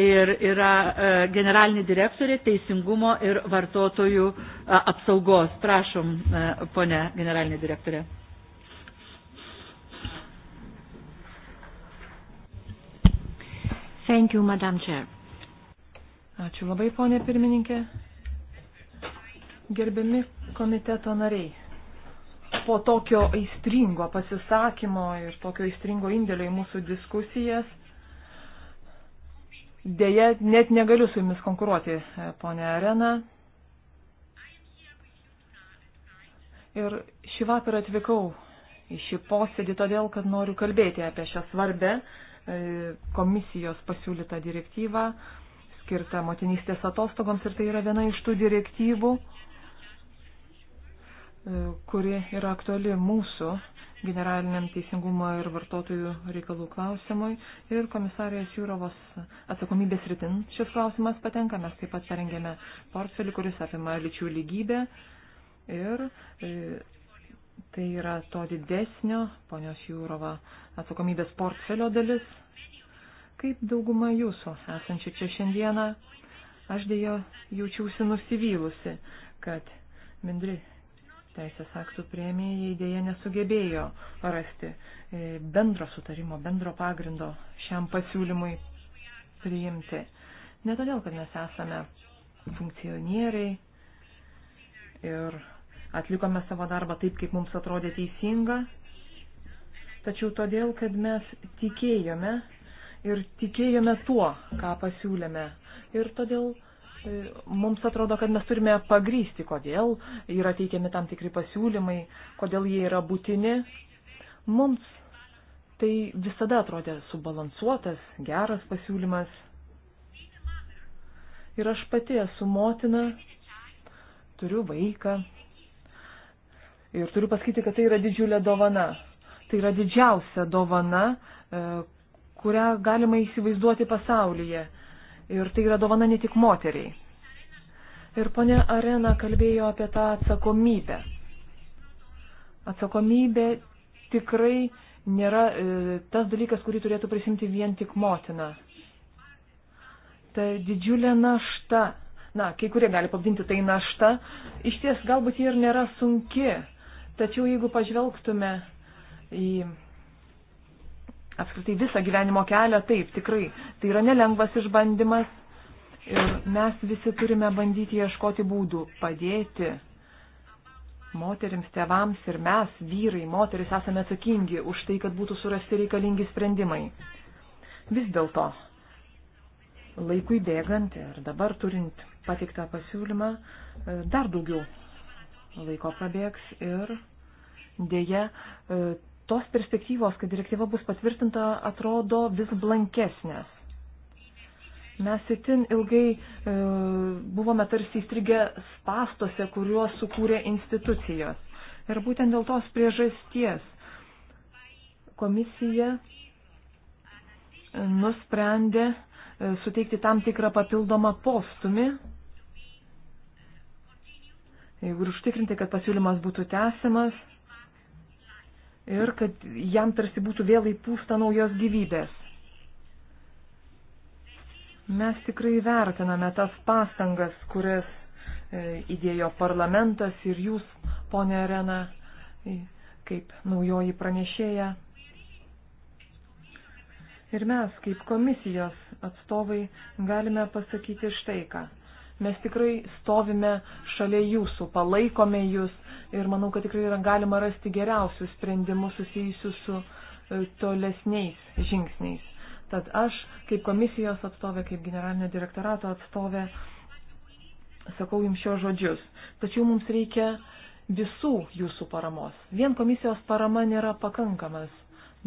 ir yra e, generalinė direktorė teisingumo ir vartotojų apsaugos. Prašom, ponė generalinė direktorė. Thank you, Madam Chair. Ačiū labai, ponė pirmininkė. Gerbiami komiteto nariai, po tokio aistringo pasisakymo ir tokio aistringo indėlio į mūsų diskusijas, dėja, net negaliu su jumis konkuruoti, ponė Arena. Ir šį vakarą atvykau į šį posėdį todėl, kad noriu kalbėti apie šią svarbę E, komisijos pasiūlytą direktyvą skirtą motinystės atostogoms ir tai yra viena iš tų direktyvų, e, kuri yra aktuali mūsų generaliniam teisingumo ir vartotojų reikalų klausimui ir komisarijos Jūrovos atsakomybės rytin šis klausimas patenka. Mes taip pat parengėme portfelį, kuris apima lyčių lygybę ir e, Tai yra to didesnio ponios Jūrova atsakomybės portfelio dalis. Kaip dauguma jūsų esančių čia šiandieną, aš dėja jaučiausi nusivylusi, kad bendri teisės aktų prieimėjai dėja nesugebėjo rasti e, bendro sutarimo, bendro pagrindo šiam pasiūlymui priimti. Ne todėl, kad mes esame funkcionieriai ir atlikome savo darbą taip, kaip mums atrodė teisinga, tačiau todėl, kad mes tikėjome ir tikėjome tuo, ką pasiūlėme. Ir todėl e, mums atrodo, kad mes turime pagrysti, kodėl yra teikiami tam tikri pasiūlymai, kodėl jie yra būtini. Mums tai visada atrodė subalansuotas, geras pasiūlymas. Ir aš pati esu motina, turiu vaiką, Ir turiu pasakyti, kad tai yra didžiulė dovana. Tai yra didžiausia dovana, e, kurią galima įsivaizduoti pasaulyje. Ir tai yra dovana ne tik moteriai. Ir ponia Arena kalbėjo apie tą atsakomybę. Atsakomybė tikrai nėra e, tas dalykas, kurį turėtų prisimti vien tik motina. Ta didžiulė našta, na, kai kurie gali pavadinti tai našta, iš ties galbūt ji ir nėra sunki, Tačiau jeigu pažvelgtume į apskritai visą gyvenimo kelią, taip, tikrai, tai yra nelengvas išbandymas ir mes visi turime bandyti ieškoti būdų padėti moterims, tevams ir mes, vyrai, moteris, esame atsakingi už tai, kad būtų surasti reikalingi sprendimai. Vis dėlto, laikui bėgant ir dabar turint patiktą pasiūlymą, dar daugiau laiko prabėgs ir Deja, e, tos perspektyvos, kad direktyva bus patvirtinta, atrodo vis blankesnės. Mes itin ilgai e, buvome tarsi įstrigę spastose, kuriuos sukūrė institucijos. Ir būtent dėl tos priežasties komisija nusprendė e, suteikti tam tikrą papildomą postumį ir užtikrinti, kad pasiūlymas būtų tęsiamas ir kad jam tarsi būtų vėl įpūsta naujos gyvybės. Mes tikrai vertiname tas pastangas, kurias e, įdėjo parlamentas ir jūs, ponė Arena, kaip naujoji pranešėja. Ir mes, kaip komisijos atstovai, galime pasakyti štai ką. Mes tikrai stovime šalia jūsų, palaikome jūs ir manau, kad tikrai yra galima rasti geriausių sprendimų susijusių su e, tolesniais žingsniais. Tad aš, kaip komisijos atstovė, kaip generalinio direktorato atstovė, sakau jums šios žodžius. Tačiau mums reikia visų jūsų paramos. Vien komisijos parama nėra pakankamas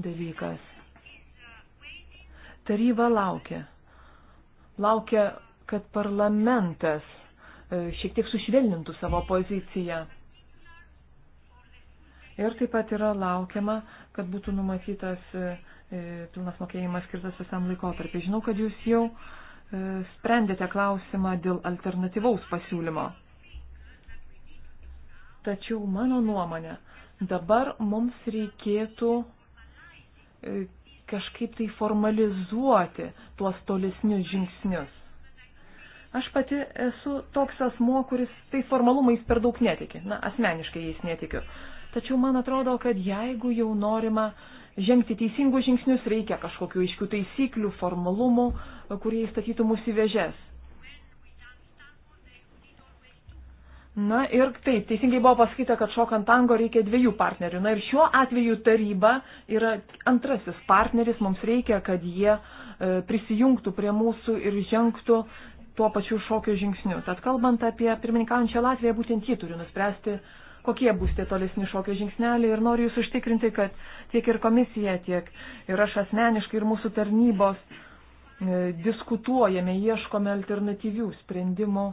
dalykas. Taryba laukia. Laukia kad parlamentas e, šiek tiek sušvelnintų savo poziciją. Ir taip pat yra laukiama, kad būtų numatytas e, e, pilnas mokėjimas skirtas visam laikotarpiu. Žinau, kad jūs jau sprendėte klausimą dėl alternatyvaus pasiūlymo. Tačiau mano nuomonė, dabar mums reikėtų kažkaip tai formalizuoti tuos tolesnius žingsnius. Aš pati esu toks asmo, kuris tais formalumais per daug netiki. Na, asmeniškai jais netikiu. Tačiau man atrodo, kad jeigu jau norima žengti teisingus žingsnius, reikia kažkokių aiškių taisyklių, formalumų, kurie įstatytų mūsų į vėžes. Na ir taip, teisingai buvo pasakyta, kad šokant tango reikia dviejų partnerių. Na ir šiuo atveju taryba yra antrasis partneris, mums reikia, kad jie e, prisijungtų prie mūsų ir žengtų tuo pačiu šokio žingsniu. Tad kalbant apie pirmininkaujančią Latviją, būtent ji turi nuspręsti, kokie bus tie tolesni šokio žingsneliai ir noriu jūs užtikrinti, kad tiek ir komisija, tiek ir aš asmeniškai, ir mūsų tarnybos e, diskutuojame, ieškome alternatyvių sprendimų.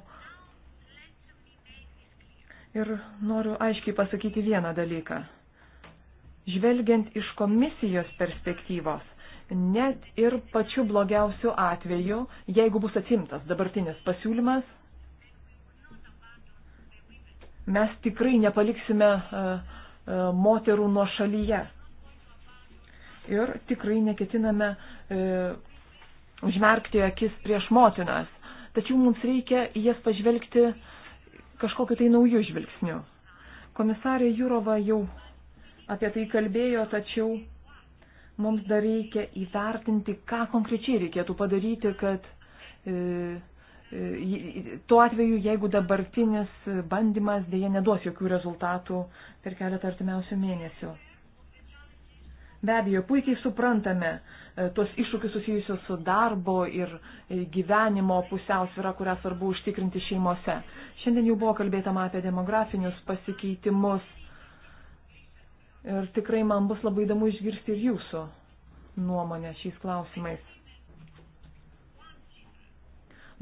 Ir noriu aiškiai pasakyti vieną dalyką. Žvelgiant iš komisijos perspektyvos, net ir pačiu blogiausiu atveju, jeigu bus atsimtas dabartinis pasiūlymas, mes tikrai nepaliksime e, e, moterų nuo šalyje. Ir tikrai neketiname e, užmerkti akis prieš motinas. Tačiau mums reikia į jas pažvelgti kažkokiu tai naujų žvilgsniu. Komisarė Jurova jau apie tai kalbėjo, tačiau mums dar reikia įvertinti, ką konkrečiai reikėtų padaryti, kad e, e, tuo atveju, jeigu dabartinis bandymas dėje neduos jokių rezultatų per keletą artimiausių mėnesių. Be abejo, puikiai suprantame e, tos iššūkius susijusius su darbo ir e, gyvenimo pusiausvyrą, kurią svarbu užtikrinti šeimose. Šiandien jau buvo kalbėtama apie demografinius pasikeitimus Ir tikrai man bus labai įdomu išgirsti ir jūsų nuomonę šiais klausimais.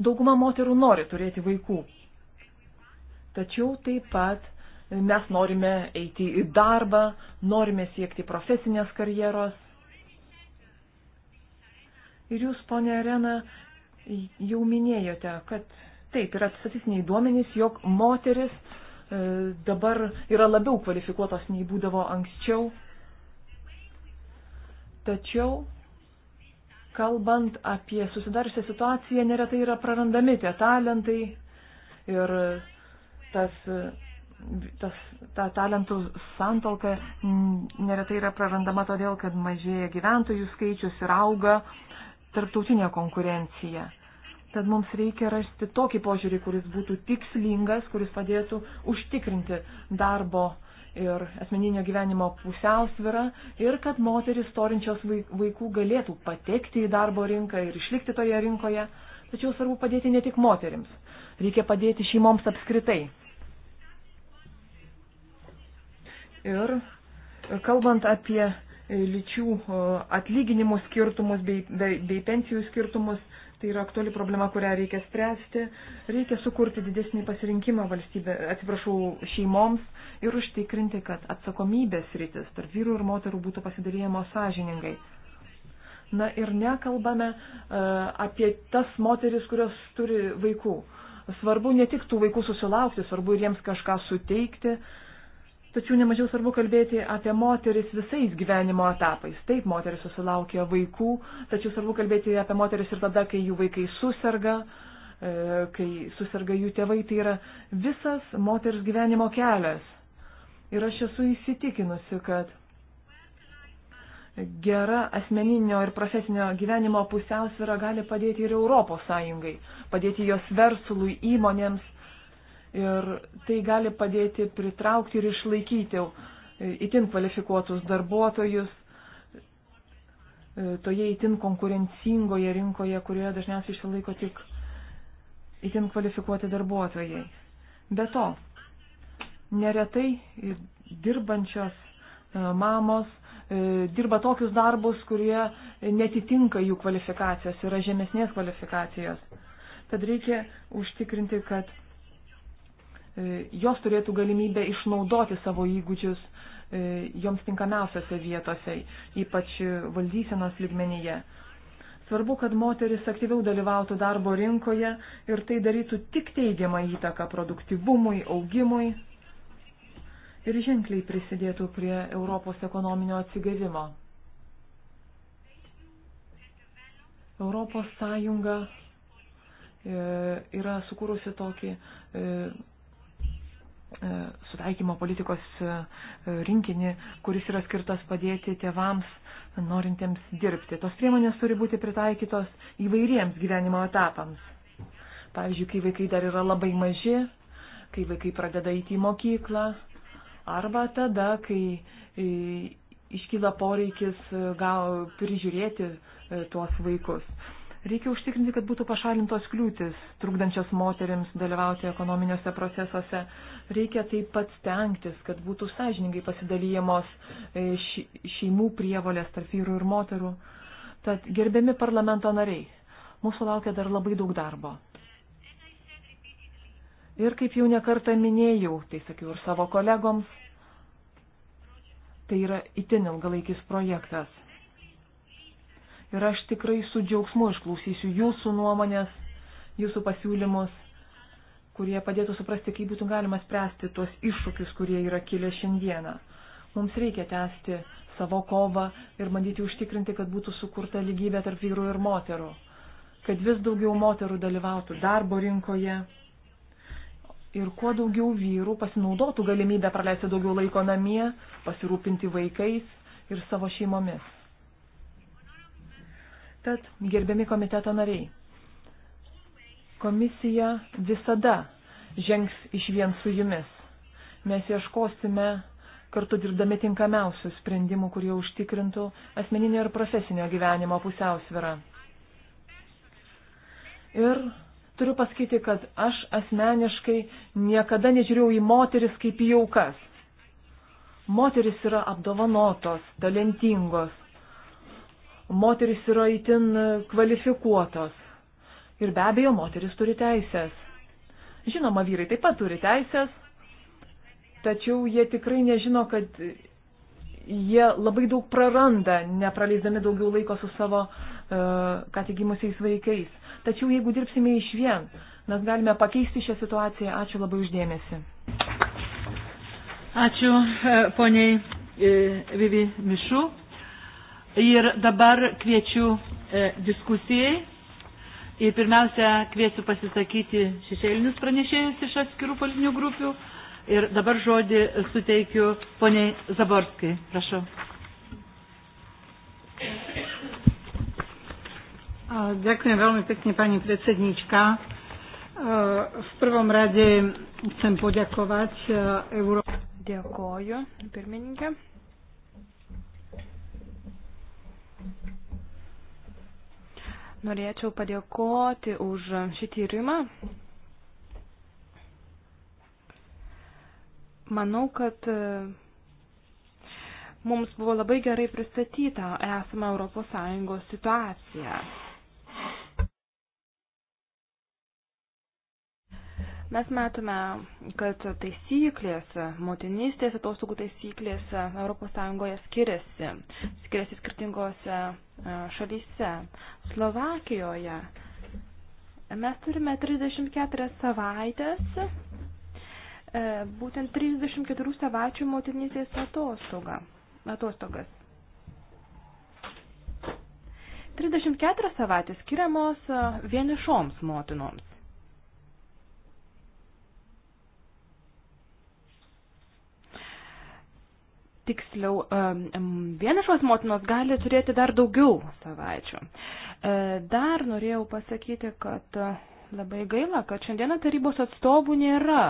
Dauguma moterų nori turėti vaikų. Tačiau taip pat mes norime eiti į darbą, norime siekti profesinės karjeros. Ir jūs, ponė Arena, jau minėjote, kad taip yra statistiniai duomenys, jog moteris E, dabar yra labiau kvalifikuotos nei būdavo anksčiau. Tačiau, kalbant apie susidariusią situaciją, neretai yra prarandami tie talentai ir tas, tas, ta talentų santalka neretai yra prarandama todėl, kad mažėja gyventojų skaičius ir auga tarptautinė konkurencija. Tad mums reikia rasti tokį požiūrį, kuris būtų tikslingas, kuris padėtų užtikrinti darbo ir asmeninio gyvenimo pusiausvyrą ir kad moteris torinčios vaikų galėtų patekti į darbo rinką ir išlikti toje rinkoje. Tačiau svarbu padėti ne tik moterims, reikia padėti šeimoms apskritai. Ir kalbant apie lyčių atlyginimų skirtumus bei, bei, bei pensijų skirtumus, tai yra aktuali problema, kurią reikia spręsti. Reikia sukurti didesnį pasirinkimą valstybė, atsiprašau, šeimoms ir užtikrinti, kad atsakomybės rytis tarp vyrų ir moterų būtų pasidalyjamos sąžiningai. Na ir nekalbame uh, apie tas moteris, kurios turi vaikų. Svarbu ne tik tų vaikų susilaukti, svarbu ir jiems kažką suteikti. Uh, Tačiau nemažiau svarbu kalbėti apie moteris visais gyvenimo etapais. Taip, moteris susilaukia vaikų, tačiau svarbu kalbėti apie moteris ir tada, kai jų vaikai susirga, e, kai susirga jų tėvai. Tai yra visas moters gyvenimo kelias. Ir aš esu įsitikinusi, kad gera asmeninio ir profesinio gyvenimo pusiausvyrą gali padėti ir Europos Sąjungai, padėti jos verslui, įmonėms ir tai gali padėti pritraukti ir išlaikyti itin kvalifikuotus darbuotojus e, toje itin konkurencingoje rinkoje, kurioje dažniausiai išsilaiko tik itin kvalifikuoti darbuotojai. Be to, neretai dirbančios e, mamos e, dirba tokius darbus, kurie netitinka jų kvalifikacijos, yra žemesnės kvalifikacijos. Tad reikia užtikrinti, kad E, jos turėtų galimybę išnaudoti savo įgūdžius e, joms tinkamiausiose vietose, ypač valdysenos lygmenyje. Svarbu, kad moteris aktyviau dalyvautų darbo rinkoje ir tai darytų tik teigiamą įtaką produktivumui, augimui ir ženkliai prisidėtų prie Europos ekonominio atsigavimo. Europos Sąjunga e, yra sukūrusi tokį E, sutaikymo politikos e, rinkinį, kuris yra skirtas padėti tėvams norintiems dirbti. Tos priemonės turi būti pritaikytos įvairiems gyvenimo etapams. Pavyzdžiui, kai vaikai dar yra labai maži, kai vaikai pradeda eiti į mokyklą, arba tada, kai e, iškyla poreikis gal prižiūrėti tuos vaikus. Reikia užtikrinti, kad būtų pašalintos kliūtis, trukdančias moteriams dalyvauti ekonominiuose procesuose. Reikia taip pat stengtis, kad būtų sąžiningai pasidalyjamos e, šeimų prievolės tarp vyrų ir moterų. Tad gerbiami parlamento nariai, mūsų laukia dar labai daug darbo. Ir kaip jau nekartą minėjau, tai sakiau ir savo kolegoms, tai yra itin ilgalaikis projektas ir aš tikrai su džiaugsmu išklausysiu jūsų nuomonės, jūsų pasiūlymus, kurie padėtų suprasti, kaip būtų galima spręsti tuos iššūkius, kurie yra kilę šiandieną. Mums reikia tęsti savo kovą ir bandyti užtikrinti, kad būtų sukurta lygybė tarp vyrų ir moterų, kad vis daugiau moterų dalyvautų darbo rinkoje ir kuo daugiau vyrų pasinaudotų galimybę praleisti daugiau laiko namie, pasirūpinti vaikais ir savo šeimomis. Tad, gerbiami komiteto nariai, komisija visada žengs iš vien su jumis. Mes ieškosime kartu dirbdami tinkamiausių sprendimų, kurie užtikrintų asmeninio ir profesinio gyvenimo pusiausvirą. Ir turiu pasakyti, kad aš asmeniškai niekada nežiūrėjau į moteris kaip į jaukas. Moteris yra apdovanotos, talentingos, moteris yra itin kvalifikuotos. Ir be abejo, moteris turi teisės. Žinoma, vyrai taip pat turi teisės, tačiau jie tikrai nežino, kad jie labai daug praranda, nepraleisdami daugiau laiko su savo uh, ką tik gimusiais vaikais. Tačiau jeigu dirbsime iš vien, mes galime pakeisti šią situaciją. Ačiū labai uždėmesi. Ačiū e, poniai e, Vivi Mišu. Ir dabar kviečiu e, diskusijai. Ir pirmiausia, kviesiu pasisakyti šešėlinius pranešėjus iš atskirų politinių grupių. Ir dabar žodį suteikiu poniai Zaborskai. Prašau. Ďakujem veľmi pekne, pani predsednička. V prvom rade chcem poďakovať e, Euró... Ďakujem, pirmininke. Norėčiau padėkoti už šį tyrimą. Manau, kad e, mums buvo labai gerai pristatyta esama ES situacija. Mes matome, kad taisyklėse, motinystės atostogų taisyklėse ES skiriasi, skiriasi skirtingose e, šalyse. Slovakijoje mes turime 34 savaitės, e, būtent 34 savaičių motinystės atostogą, atostogas. 34 savaitės skiriamos e, vienišoms motinoms. tiksliau, vienišos motinos gali turėti dar daugiau savaičių. E, dar norėjau pasakyti, kad e, labai gaila, kad šiandieną tarybos atstovų nėra,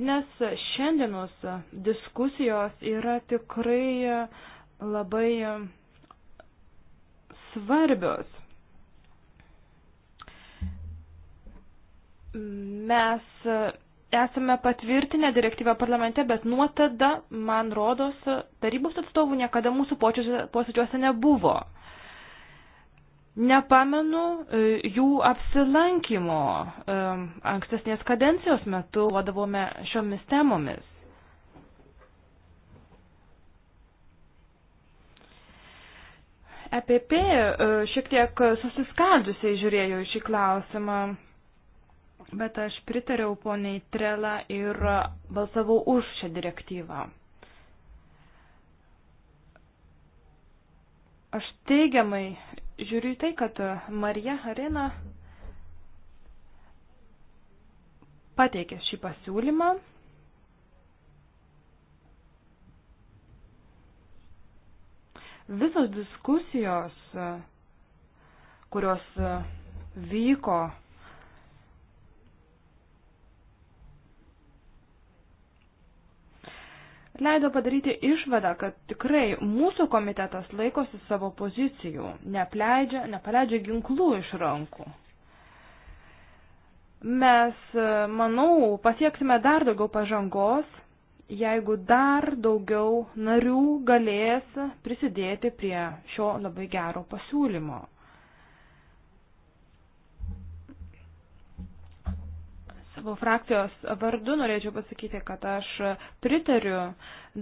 nes šiandienos diskusijos yra tikrai e, labai svarbios. Mes esame patvirtinę direktyvą parlamente, bet nuo tada, man rodos, tarybos atstovų niekada mūsų posėdžiuose nebuvo. Nepamenu e, jų apsilankimo e, ankstesnės kadencijos metu vadovome šiomis temomis. EPP e, šiek tiek susiskaldžiusiai žiūrėjo į šį klausimą bet aš pritariau poniai Trela ir balsavau už šią direktyvą. Aš teigiamai žiūriu į tai, kad Marija Arena pateikė šį pasiūlymą visos diskusijos, kurios vyko leido padaryti išvadą, kad tikrai mūsų komitetas laikosi savo pozicijų, nepleidžia, nepaleidžia ginklų iš rankų. Mes, e, manau, pasieksime dar daugiau pažangos, jeigu dar daugiau narių galės prisidėti prie šio labai gero pasiūlymo. Savo frakcijos vardu norėčiau pasakyti, kad aš pritariu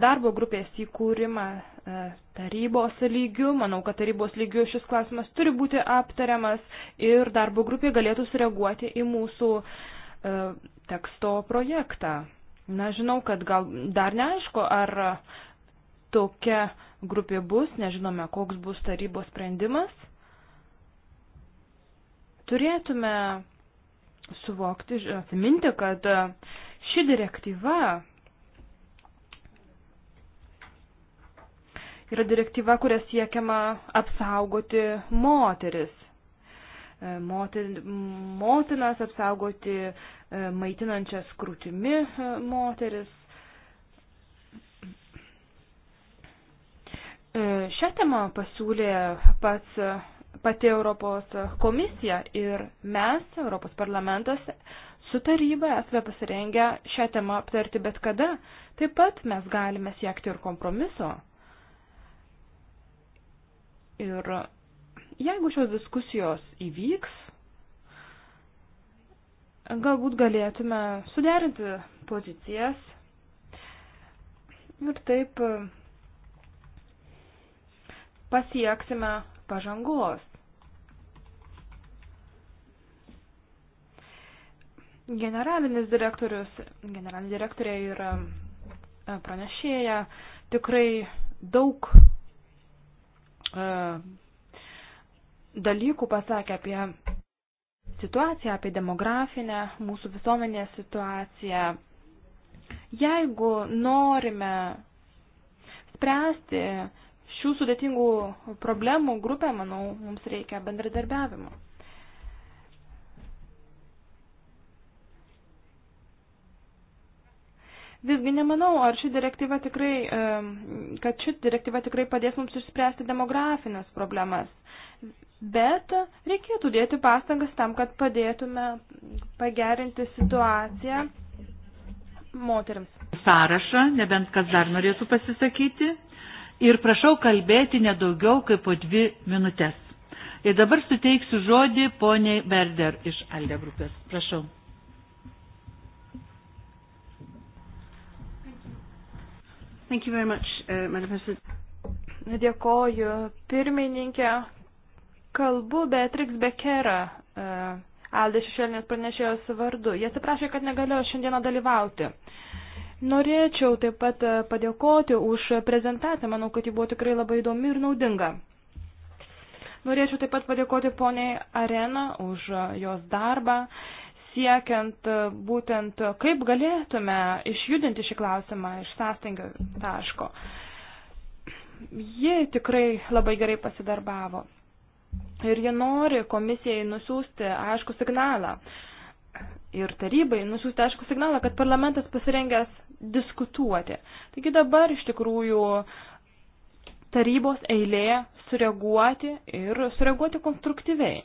darbo grupės įkūrimą e, tarybos lygių. Manau, kad tarybos lygių šis klausimas turi būti aptariamas ir darbo grupė galėtų sureaguoti į mūsų e, teksto projektą. Na, žinau, kad gal dar neaišku, ar tokia grupė bus, nežinome, koks bus tarybos sprendimas. Turėtume suvokti, atsiminti, kad e, ši direktyva yra direktyva, kuria siekiama apsaugoti moteris. E, Motin, motinas apsaugoti e, maitinančias krūtimi moteris. Šią temą pasiūlė pats pati Europos komisija ir mes, Europos parlamentas, su taryba esame pasirengę šią temą aptarti bet kada. Taip pat mes galime siekti ir kompromiso. Ir jeigu šios diskusijos įvyks, galbūt galėtume suderinti pozicijas ir taip pasieksime pažangos. Generalinis direktorius, generalinė direktorė yra e, pranešėja, tikrai daug e, dalykų pasakė apie situaciją, apie demografinę mūsų visuomenės situaciją. Jeigu norime spręsti šių sudėtingų problemų grupę, manau, mums reikia bendradarbiavimo. Visgi nemanau, ar ši direktyva tikrai, kad ši direktyva tikrai padės mums išspręsti demografinės problemas. Bet reikėtų dėti pastangas tam, kad padėtume pagerinti situaciją moteriams. Sąrašą, nebent kas dar norėtų pasisakyti ir prašau kalbėti nedaugiau kaip po dvi minutės. Ir dabar suteiksiu žodį poniai Berder iš Alde grupės. Prašau. Thank you very much, uh, Madam President. Dėkoju pirmininkė. Kalbu Beatrix Bekera, uh, Aldė Šešėlinės pranešėjos vardu. Jie atsiprašė, kad negalėjo šiandieną dalyvauti. Uh, Norėčiau taip pat e, padėkoti už prezentaciją, manau, kad ji buvo tikrai labai įdomi ir naudinga. Norėčiau taip pat padėkoti poniai Arena už e, jos darbą, siekiant e, būtent, kaip galėtume išjudinti šį klausimą iš sąstingio taško. Ji tikrai labai gerai pasidarbavo. Ir ji nori komisijai nusiųsti aišku signalą. Uh, ir tarybai nusiųsti aišku signalą, kad parlamentas pasirengęs diskutuoti. Taigi dabar iš tikrųjų tarybos eilė sureaguoti ir sureaguoti konstruktyviai.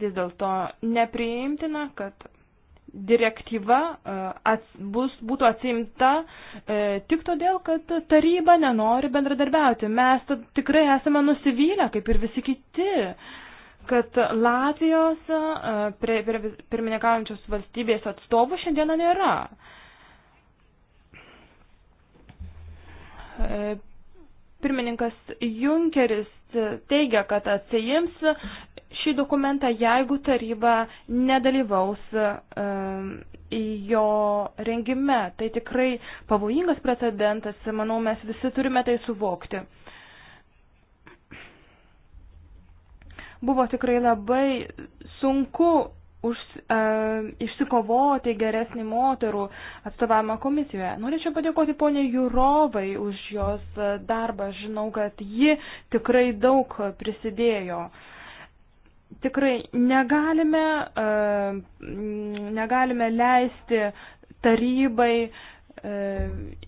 Vis dėlto nepriimtina, kad direktyva e, ats, bus, būtų atsimta e, tik todėl, kad taryba nenori bendradarbiauti. Mes tikrai esame nusivylę, kaip ir visi kiti. E, kad Latvijos e, prie, prie, pirmininkaujančios valstybės atstovų šiandieną nėra. E, pirmininkas Junkeris teigia, kad atsijims šį dokumentą, jeigu taryba nedalyvaus e, jo rengime. Tai tikrai pavojingas precedentas, manau, mes visi turime tai suvokti. buvo tikrai labai sunku už, e, išsikovoti geresnį moterų atstovavimą komisijoje. Norėčiau padėkoti poniai Jurovai už jos darbą. Žinau, kad ji tikrai daug prisidėjo. Tikrai negalime, e, negalime leisti tarybai e,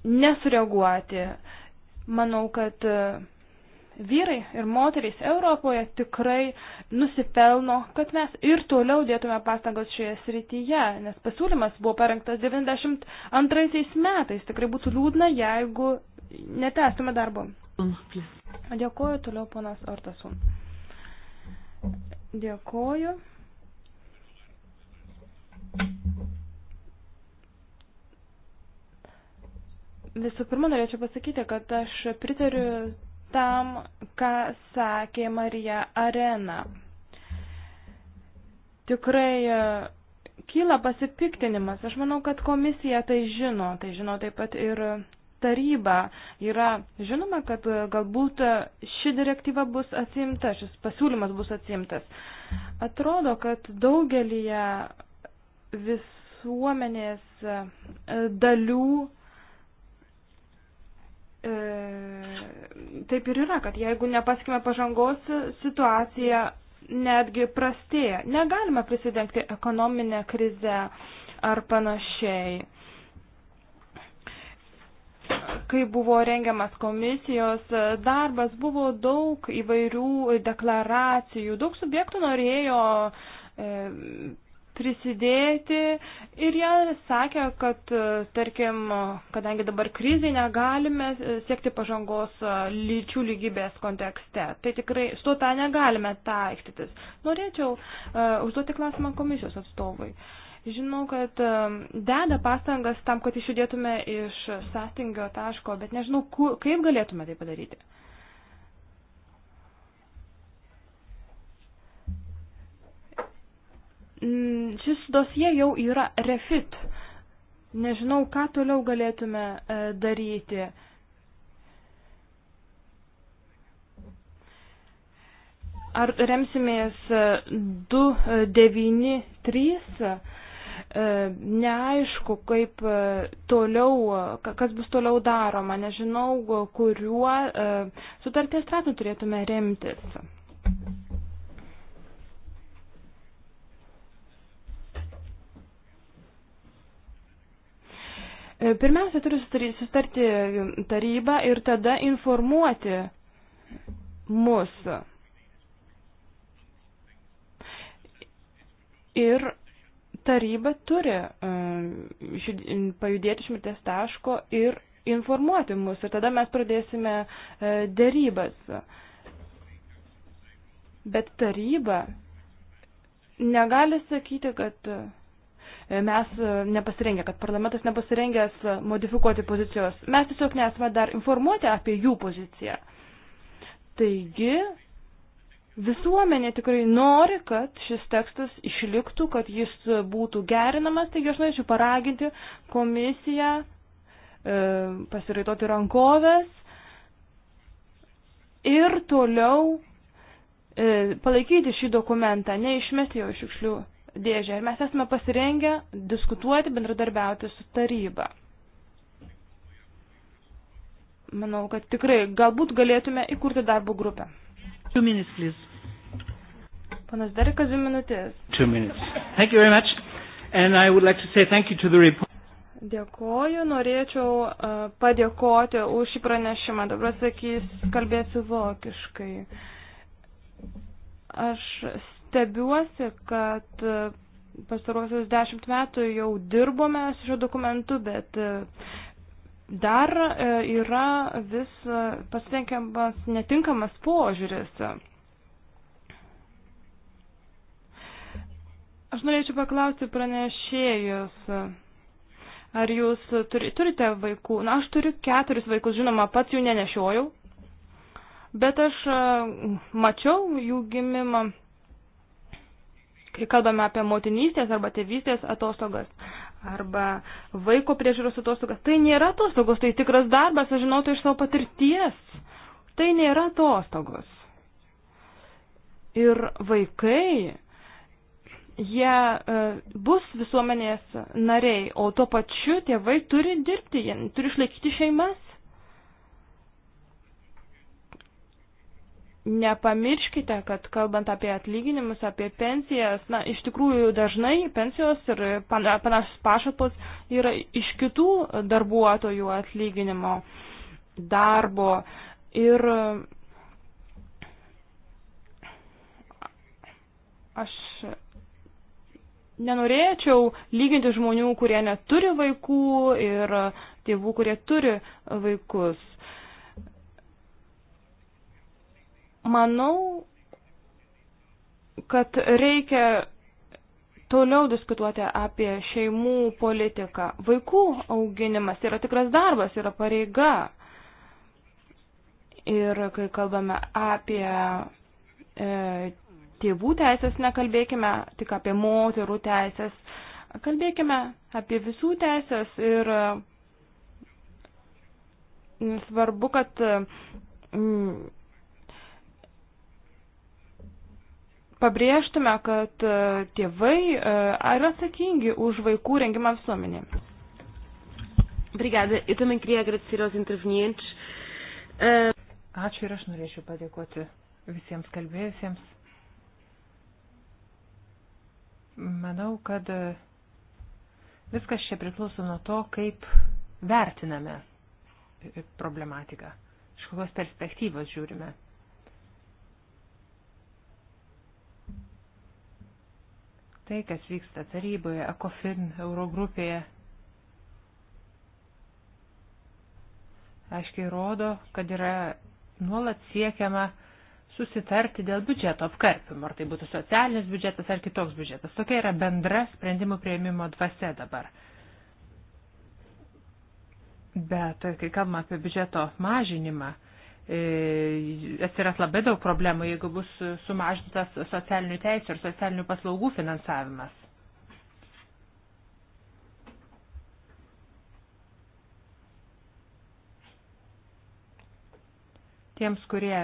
nesureaguoti. Manau, kad e, vyrai ir moterys Europoje tikrai nusipelno, kad mes ir toliau dėtume pastangas šioje srityje, nes pasiūlymas buvo parengtas 92 metais. Tikrai būtų liūdna, jeigu netęstume darbo. Dėkuoju toliau ponas Ortasun. Dėkuoju. Visų pirma, norėčiau pasakyti, kad aš pritariu tam, ką sakė Marija Arena. Tikrai e, kyla pasipiktinimas. Aš manau, kad komisija tai žino, tai žino taip pat ir taryba. Yra žinoma, kad e, galbūt e, ši direktyva bus atsimta, šis pasiūlymas bus atsimtas. Atrodo, kad daugelįje visuomenės dalių e, taip ir yra, kad jeigu nepaskime pažangos, situacija netgi prastėja. Negalime prisidengti ekonominę krizę ar panašiai. Kai buvo rengiamas komisijos darbas, buvo daug įvairių deklaracijų, daug subjektų norėjo e, prisidėti ir jie sakė, kad, e, tarkim, kadangi dabar krizai negalime e, siekti pažangos e, lyčių lygybės kontekste, tai tikrai su to tą negalime taikstytis. Norėčiau uh, užduoti klausimą komisijos atstovui. Žinau, kad um, deda pastangas tam, kad išjudėtume iš sąstingio taško, bet nežinau, ku, kaip galėtume tai padaryti. Uh, Mm, šis dosie jau yra refit. Nežinau, ką toliau galėtume e, daryti. Ar remsimės 293? E, e, neaišku, kaip toliau, kas bus toliau daroma, nežinau, kuriuo sutarties stratu turėtume remtis. E, pirmiausia, turi susitarti e, tarybą ir tada informuoti mus. Ir taryba turi e, pajudėti iš mirties taško ir informuoti mus. Ir tada mes pradėsime dėrybas. Bet taryba negali sakyti, kad mes e, nepasirengę, kad parlamentas nepasirengęs modifikuoti pozicijos. Mes tiesiog nesame dar informuoti apie jų poziciją. Taigi, visuomenė tikrai nori, kad šis tekstas išliktų, kad jis būtų gerinamas, taigi aš norėčiau paraginti komisiją e, pasiraitoti rankovės ir toliau e, palaikyti šį dokumentą, neišmesti jo iš šiukšlių dėžę ir mes esame pasirengę diskutuoti, bendradarbiauti su taryba. Manau, kad tikrai galbūt galėtume įkurti darbo grupę. Two minutes, please. Panas Derikas, dvi minutės. Two minutes. Thank you very much. And I would like to say thank you to the report. Dėkoju, norėčiau uh, padėkoti už šį pranešimą. Dabar sakys, kalbėsiu vokiškai. Aš Stebiuosi, kad e, pastaruosius dešimt metų jau dirbome su šiuo dokumentu, bet e, dar e, yra vis pasitenkiamas netinkamas požiūris. Aš norėčiau paklausti pranešėjus, ar jūs turite vaikų? Na, aš turiu keturis vaikus, žinoma, pats jų nenešiojau, bet aš mačiau jų gimimą kai kalbame apie motinystės arba tėvystės atostogas arba vaiko priežiūros atostogas, tai nėra atostogos, tai tikras darbas, aš žinau tai iš savo patirties. Tai nėra atostogos. Ir vaikai, jie e, bus visuomenės nariai, o tuo pačiu tėvai turi dirbti, jie turi išlaikyti šeimas. nepamirškite, kad kalbant apie atlyginimus, apie pensijas, na, iš tikrųjų dažnai pensijos ir panašios pašalpos yra iš kitų darbuotojų atlyginimo darbo. Ir aš nenorėčiau lyginti žmonių, kurie neturi vaikų ir tėvų, kurie turi vaikus. Manau, kad reikia toliau diskutuoti apie šeimų politiką. Vaikų auginimas yra tikras darbas, yra pareiga. Ir kai kalbame apie e, tėvų teisės, nekalbėkime tik apie moterų teisės, kalbėkime apie visų teisės ir mm, svarbu, kad mm, pabrėžtume, kad e, tėvai yra e, atsakingi už vaikų rengimą visuomenį. Brigada, eu também queria agradecer aos intervenientes. Uh... Ačiū ir aš norėčiau padėkoti visiems kalbėjusiems. Manau, kad e, viskas čia priklauso nuo to, kaip vertiname problematiką, iš kokios perspektyvos žiūrime. Tai, kas vyksta taryboje, ECOFIN, Eurogrupėje, aiškiai rodo, kad yra nuolat siekiama susitarti dėl biudžeto apkarpimo, ar tai būtų socialinis biudžetas ar kitoks biudžetas. Tokia yra bendra sprendimų prieimimo dvasia dabar. Bet kai kalbame apie biudžeto mažinimą, E, atsiras labai daug problemų, jeigu bus sumažintas socialinių teisų ir socialinių paslaugų finansavimas. Tiems, kurie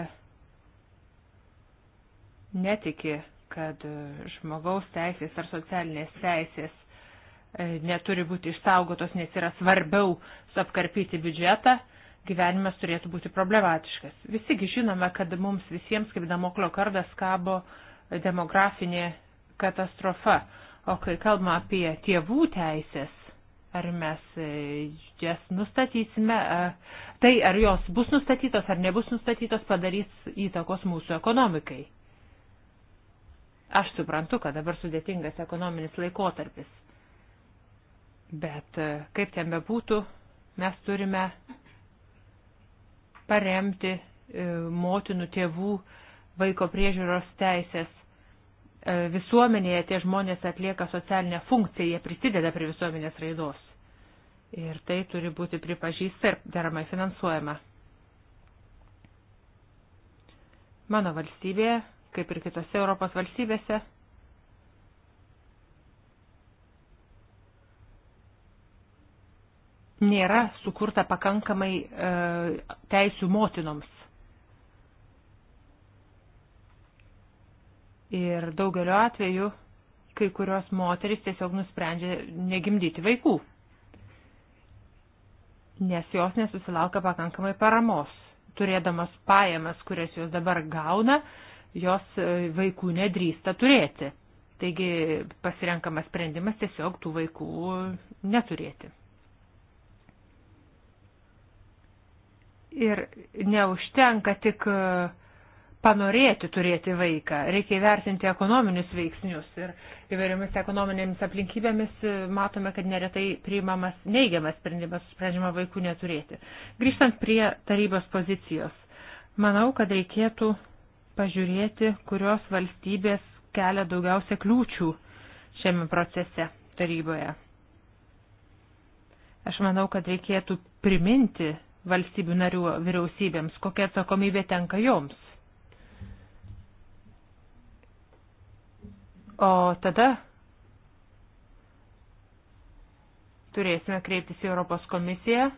netiki, kad žmogaus teisės ar socialinės teisės e, neturi būti išsaugotos, nes yra svarbiau apkarpyti biudžetą, gyvenimas turėtų būti problematiškas. Visigi žinome, kad mums visiems kaip damoklio kardas kabo demografinė katastrofa. O kai kalbame apie tėvų teisės, ar mes e, jas nustatysime, tai ar jos bus nustatytos ar nebus nustatytos padarys įtakos mūsų ekonomikai. Aš suprantu, kad dabar sudėtingas ekonominis laikotarpis. Bet e, kaip ten bebūtų, mes turime paremti e, motinų tėvų vaiko priežiūros teisės. E, visuomenėje tie žmonės atlieka socialinę funkciją, jie prisideda prie visuomenės raidos. Ir tai turi būti pripažįsta ir deramai finansuojama. Mano valstybėje, kaip ir kitose Europos valstybėse, nėra sukurta pakankamai e, teisių motinoms. Ir daugeliu atveju kai kurios moteris tiesiog nusprendžia negimdyti vaikų, nes jos nesusilaukia pakankamai paramos. Turėdamas pajamas, kurias jos dabar gauna, jos e, vaikų nedrįsta turėti. Taigi pasirenkamas sprendimas tiesiog tų vaikų neturėti. Ir neužtenka tik e, panorėti turėti vaiką, reikia įvertinti ekonominius veiksnius ir įvairiomis ekonominėmis aplinkybėmis e, matome, kad neretai priimamas neigiamas sprendimas sprendžiama vaikų neturėti. Grįžtant prie tarybos pozicijos, manau, kad reikėtų pažiūrėti, kurios valstybės kelia daugiausia kliūčių šiame procese taryboje. Aš manau, kad reikėtų priminti valstybių narių vyriausybėms, kokia atsakomybė tenka joms. O tada turėsime kreiptis į Europos komisiją,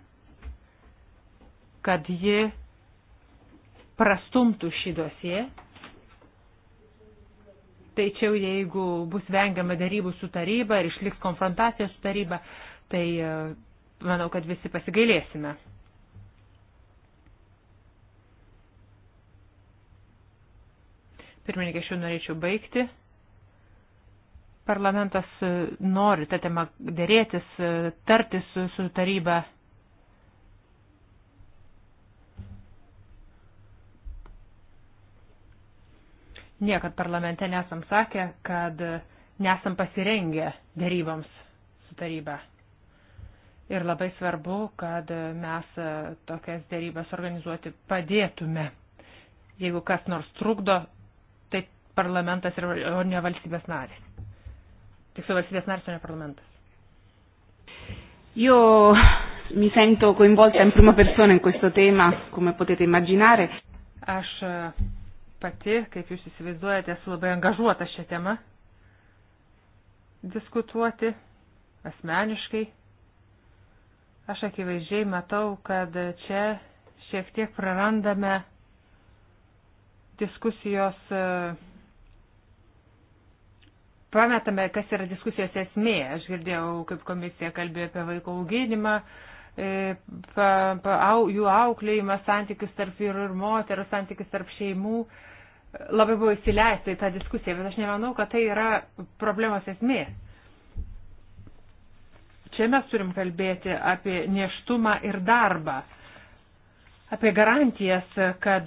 kad ji prastumtų šį dosiją. Tačiau jeigu bus vengiama darybų su taryba ir išliks konfrontacija su taryba, tai e, manau, kad visi pasigailėsime. Pirmininkė, aš jau norėčiau baigti. Parlamentas e, nori tą temą dėrėtis, e, tartis su, su taryba. Niekad parlamente nesam sakę, kad nesam pasirengę dėryboms su taryba. Ir labai svarbu, kad mes e, tokias dėrybas organizuoti padėtume. Jeigu kas nors trukdo, parlamentas ir o ne valstybės narės. Tiksliau valstybės narės, o ne parlamentas. Io mi sento coinvolta in prima persona in questo tema, come potete immaginare. Aš e, pati, kaip jūs įsivaizduojate, esu labai angažuota šią temą diskutuoti asmeniškai. Aš akivaizdžiai matau, kad čia šiek tiek prarandame diskusijos e, pametame, kas yra diskusijos esmė. Aš girdėjau, kaip komisija kalbėjo apie vaiko auginimą, e, pa, pa, au, jų auklėjimą, santykius tarp vyrų ir moterų, santykius tarp šeimų. Labai buvo įsileista į tą diskusiją, bet aš nemanau, kad tai yra problemos esmė. Čia mes turim kalbėti apie neštumą ir darbą apie garantijas, kad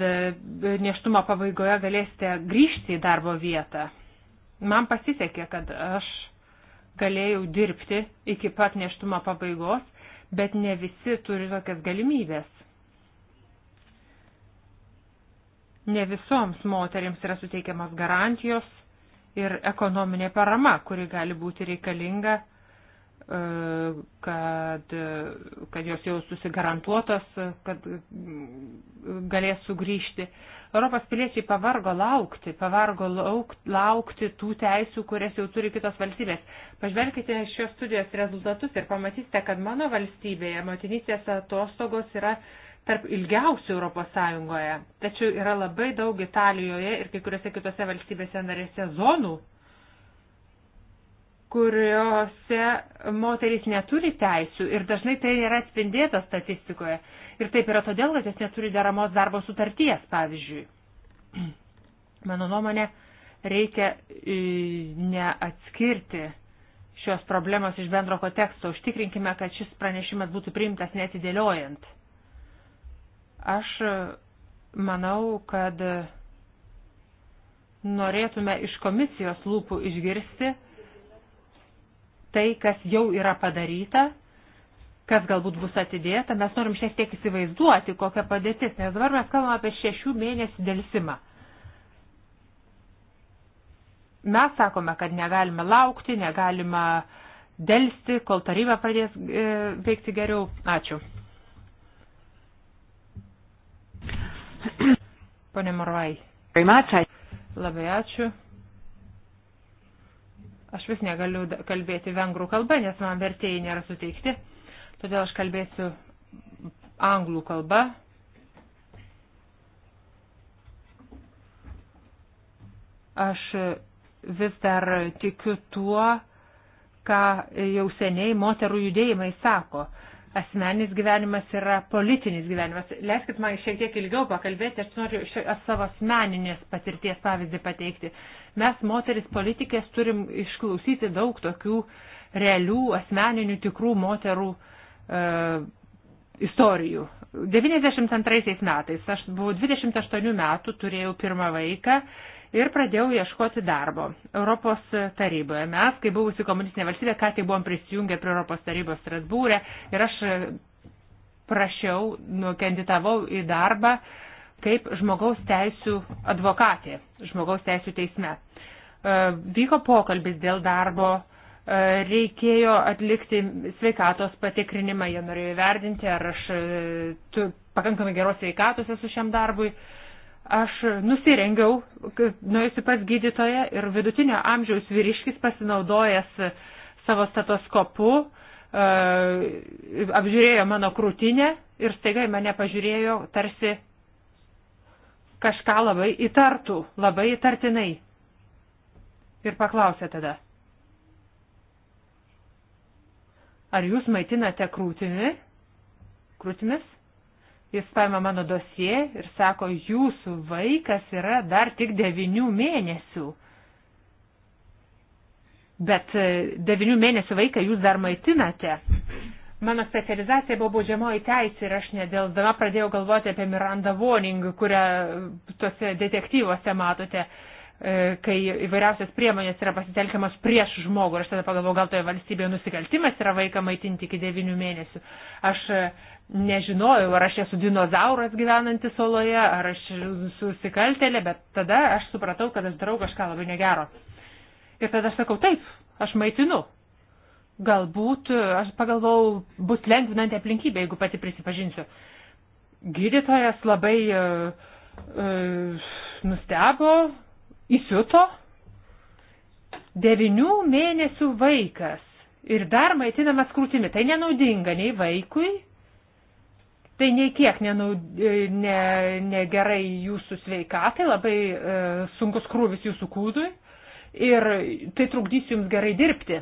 neštumo pabaigoje galėsite grįžti į darbo vietą. Man pasisekė, kad aš galėjau dirbti iki pat neštumo pabaigos, bet ne visi turi tokias galimybės. Ne visoms moteriams yra suteikiamas garantijos ir ekonominė parama, kuri gali būti reikalinga, e, kad, kad jos jau susigarantuotas, kad galės sugrįžti Europos piliečiai pavargo laukti, pavargo laukti tų teisių, kurias jau turi kitos valstybės. Pažvelkite šios studijos rezultatus ir pamatysite, kad mano valstybėje motinystės atostogos yra tarp ilgiausių Europos Sąjungoje. Tačiau yra labai daug Italijoje ir kai kuriuose kitose valstybėse narėse zonų, kuriuose moterys neturi teisių ir dažnai tai yra atspindėta statistikoje. Ir taip yra todėl, kad jis neturi deramos darbo sutarties, pavyzdžiui. Mano nuomonė, reikia e, neatskirti šios problemos iš bendro konteksto. Užtikrinkime, kad šis pranešimas būtų priimtas netidėliojant. Aš e, manau, kad norėtume iš komisijos lūpų išgirsti tai, kas jau yra padaryta kas galbūt bus atidėta, mes norim šiek tiek įsivaizduoti, kokia padėtis, nes dabar mes kalbame apie šešių mėnesių dėlsimą. Mes sakome, kad negalime laukti, negalime dėlsti, kol taryba pradės e, veikti geriau. Ačiū. Pone Morvai. Labai ačiū. Aš vis negaliu kalbėti vengrų kalbą, nes man vertėjai nėra suteikti todėl aš kalbėsiu anglų kalba. Aš vis dar tikiu tuo, ką jau seniai moterų judėjimai sako. Asmenis gyvenimas yra politinis gyvenimas. Leiskit man šiek tiek ilgiau pakalbėti, aš noriu aš savo asmeninės patirties pavyzdį pateikti. Mes, moteris politikės, turim išklausyti daug tokių realių, asmeninių, tikrų moterų uh, E, istorijų. 92 metais, aš buvau 28 metų, turėjau pirmą vaiką ir pradėjau ieškoti darbo Europos taryboje. Mes, kai buvusi komunistinė valstybė, ką tik buvom prisijungę prie Europos tarybos Strasbūrė ir aš prašiau, nukenditavau į darbą kaip žmogaus teisų advokatė, žmogaus teisų teisme. E, vyko pokalbis dėl darbo E, reikėjo atlikti sveikatos patikrinimą, jie norėjo įverdinti, ar aš e, tu, pakankamai geros sveikatos esu šiam darbui. Aš nusirengiau, nuėjusi pas gydytoją ir vidutinio amžiaus vyriškis pasinaudojęs savo statoskopu, e, apžiūrėjo mano krūtinę ir staigai mane pažiūrėjo tarsi kažką labai įtartų, labai įtartinai. Ir paklausė tada Ar jūs maitinate krūtimi? Krūtimis? Jis paima mano dosie ir sako, jūsų vaikas yra dar tik devinių mėnesių. Bet e, devinių mėnesių vaiką jūs dar maitinate. Mano specializacija buvo baudžiamoji teisė ir aš nedėldama pradėjau galvoti apie Miranda Voning, kurią e, tuose detektyvuose matote. Uh, E, kai įvairiausios priemonės yra pasitelkiamas prieš žmogų. Ir aš tada pagalvoju, gal toje valstybėje nusikaltimas yra vaiką maitinti iki devinių mėnesių. Aš e, nežinojau, ar aš esu dinozauras gyvenantis soloje, ar aš susikaltelė, bet tada aš supratau, kad aš darau kažką labai negero. Ir tada aš sakau, taip, aš maitinu. Galbūt, e, aš pagalvojau, bus lengvinanti aplinkybė, jeigu pati prisipažinsiu. Gydytojas labai uh, uh, nustebo, įsiuto devinių mėnesių vaikas ir dar maitinamas krūtimi. Tai nenaudinga nei vaikui, tai nei kiek e, negerai ne, ne jūsų sveikatai, labai e, sunkus krūvis jūsų kūdui ir tai trukdys jums gerai dirbti.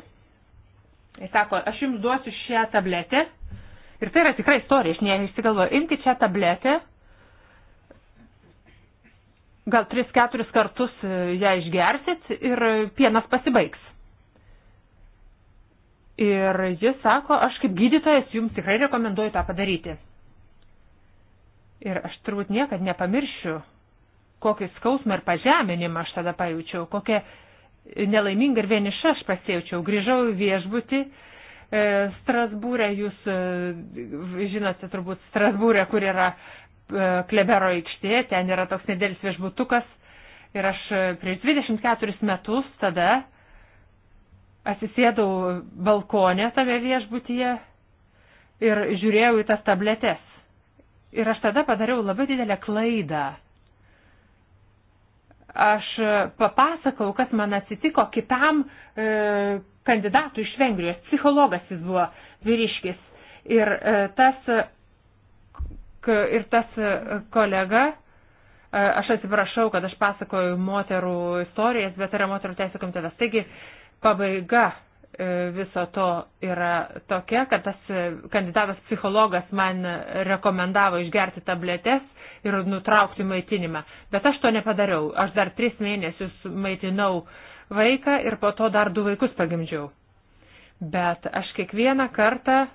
Jis sako, aš jums duosiu šią tabletę. Ir tai yra tikra istorija, aš neįsigalvoju, imkite šią tabletę gal 3-4 kartus e, ją išgersit ir pienas pasibaigs. Ir jis sako, aš kaip gydytojas jums tikrai rekomenduoju tą padaryti. Ir aš turbūt niekad nepamiršiu, kokį skausmą ir pažeminimą aš tada pajūčiau, kokią nelaimingą ir vienišą aš pasijaučiau. Grįžau į viešbutį, e, Strasbūrė, jūs e, žinote turbūt Strasbūrė, kur yra E, Klebero aikštė, ten yra toks nedėlis viešbutukas. Ir aš e, prieš 24 metus tada atsisėdau balkonė tame viešbutyje ir žiūrėjau į tas tabletes. Ir aš tada padariau labai didelę klaidą. Aš e, papasakau, kas man atsitiko kitam e, kandidatui iš Vengrijos. Psichologas jis buvo vyriškis. Ir e, tas ir tas e, kolega, e, aš atsiprašau, kad aš pasakoju moterų istorijas, bet yra moterų teisų komitetas. Taigi, pabaiga e, viso to yra tokia, kad tas kandidatas psichologas man rekomendavo išgerti tabletes ir nutraukti maitinimą. Bet aš to nepadariau. Aš dar tris mėnesius maitinau vaiką ir po to dar du vaikus pagimdžiau. Bet aš kiekvieną kartą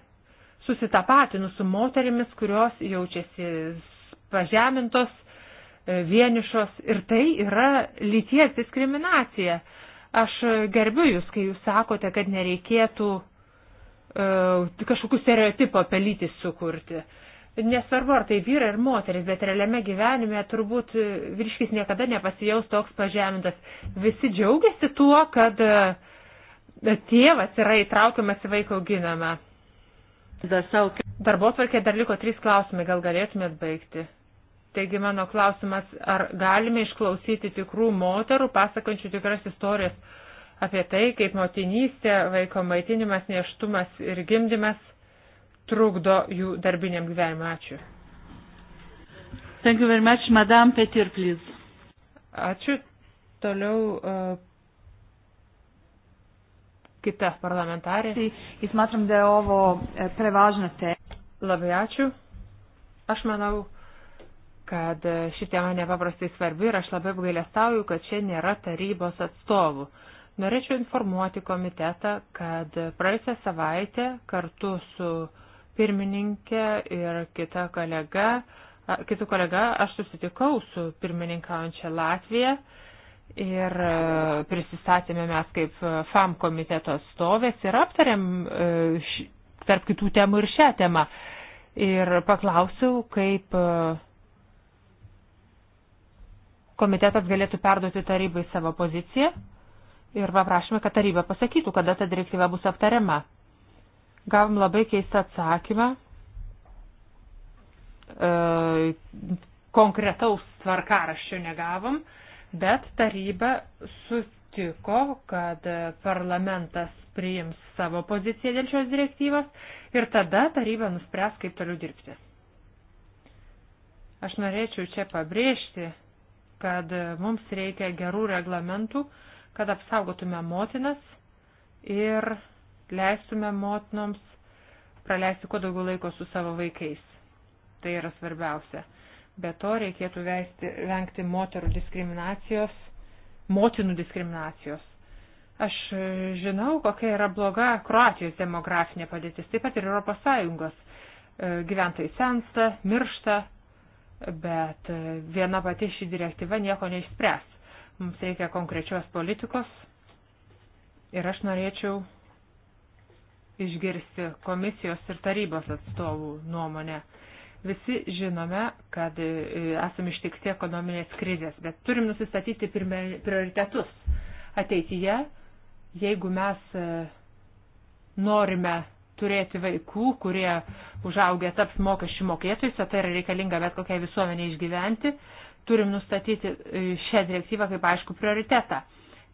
susitapatinu su moterimis, kurios jaučiasi pažemintos, e, vienišos ir tai yra lyties diskriminacija. Aš gerbiu jūs, kai jūs sakote, kad nereikėtų uh, kažkokių stereotipų apie lytį sukurti. Nesvarbu, ar tai vyrai ar moteris, bet realiame gyvenime turbūt vyriškis niekada nepasijaus toks pažemintas. Visi džiaugiasi tuo, kad uh, tėvas yra įtraukiamas į vaiko auginamą. Darbo tvarkė dar liko trys klausimai, gal galėtumėt baigti. Taigi mano klausimas, ar galime išklausyti tikrų moterų, pasakančių tikras istorijas apie tai, kaip motinystė, vaiko maitinimas, neštumas ir gimdymas trukdo jų darbiniam gyvenimui. Ačiū. Thank you very much, Madame Petir, please. Ačiū. Toliau. Uh, kita parlamentarė. Ir smatram, da je ovo e, prevažna tema. Labai ačiū. Aš manau, kad ši tema nepaprastai svarbi ir aš labai apgailestauju, kad čia nėra tarybos atstovų. Norėčiau informuoti komitetą, kad praėjusią savaitę kartu su pirmininkė ir kita kolega, kitų kolega aš susitikau su pirmininkaujančia Latvija ir e, prisistatėme mes kaip e, FAM komiteto atstovės ir aptarėm e, tarp kitų temų ir šią temą. Ir paklausiau, kaip komitetas galėtų perduoti tarybai savo poziciją ir paprašome, kad taryba pasakytų, kada ta direktyva bus aptariama. Gavom labai keistą atsakymą. E, konkretaus tvarkaraščio negavom. E, bet taryba sutiko, kad parlamentas priims savo poziciją dėl šios direktyvos ir tada taryba nuspręs, kaip toliau dirbti. Aš norėčiau čia pabrėžti, kad mums reikia gerų reglamentų, kad apsaugotume motinas ir leistume motinoms praleisti kuo daugiau laiko su savo vaikais. Tai yra svarbiausia. Be to reikėtų veisti, vengti moterų diskriminacijos, motinų diskriminacijos. Aš e, žinau, kokia yra bloga Kroatijos demografinė padėtis, taip pat ir ES. E, gyventojai sensta, miršta, bet e, viena pati ši direktyva nieko neišspręs. Mums reikia konkrečios politikos ir aš norėčiau išgirsti komisijos ir tarybos atstovų nuomonę. Visi žinome, kad e, esame ištikti ekonominės krizės, bet turim nusistatyti prioritetus. Ateityje, jeigu mes e, norime turėti vaikų, kurie užaugę taps mokesčių mokėtojais, tai yra reikalinga bet kokiai visuomeniai išgyventi, turim nustatyti e, šią direktyvą kaip aišku prioritetą.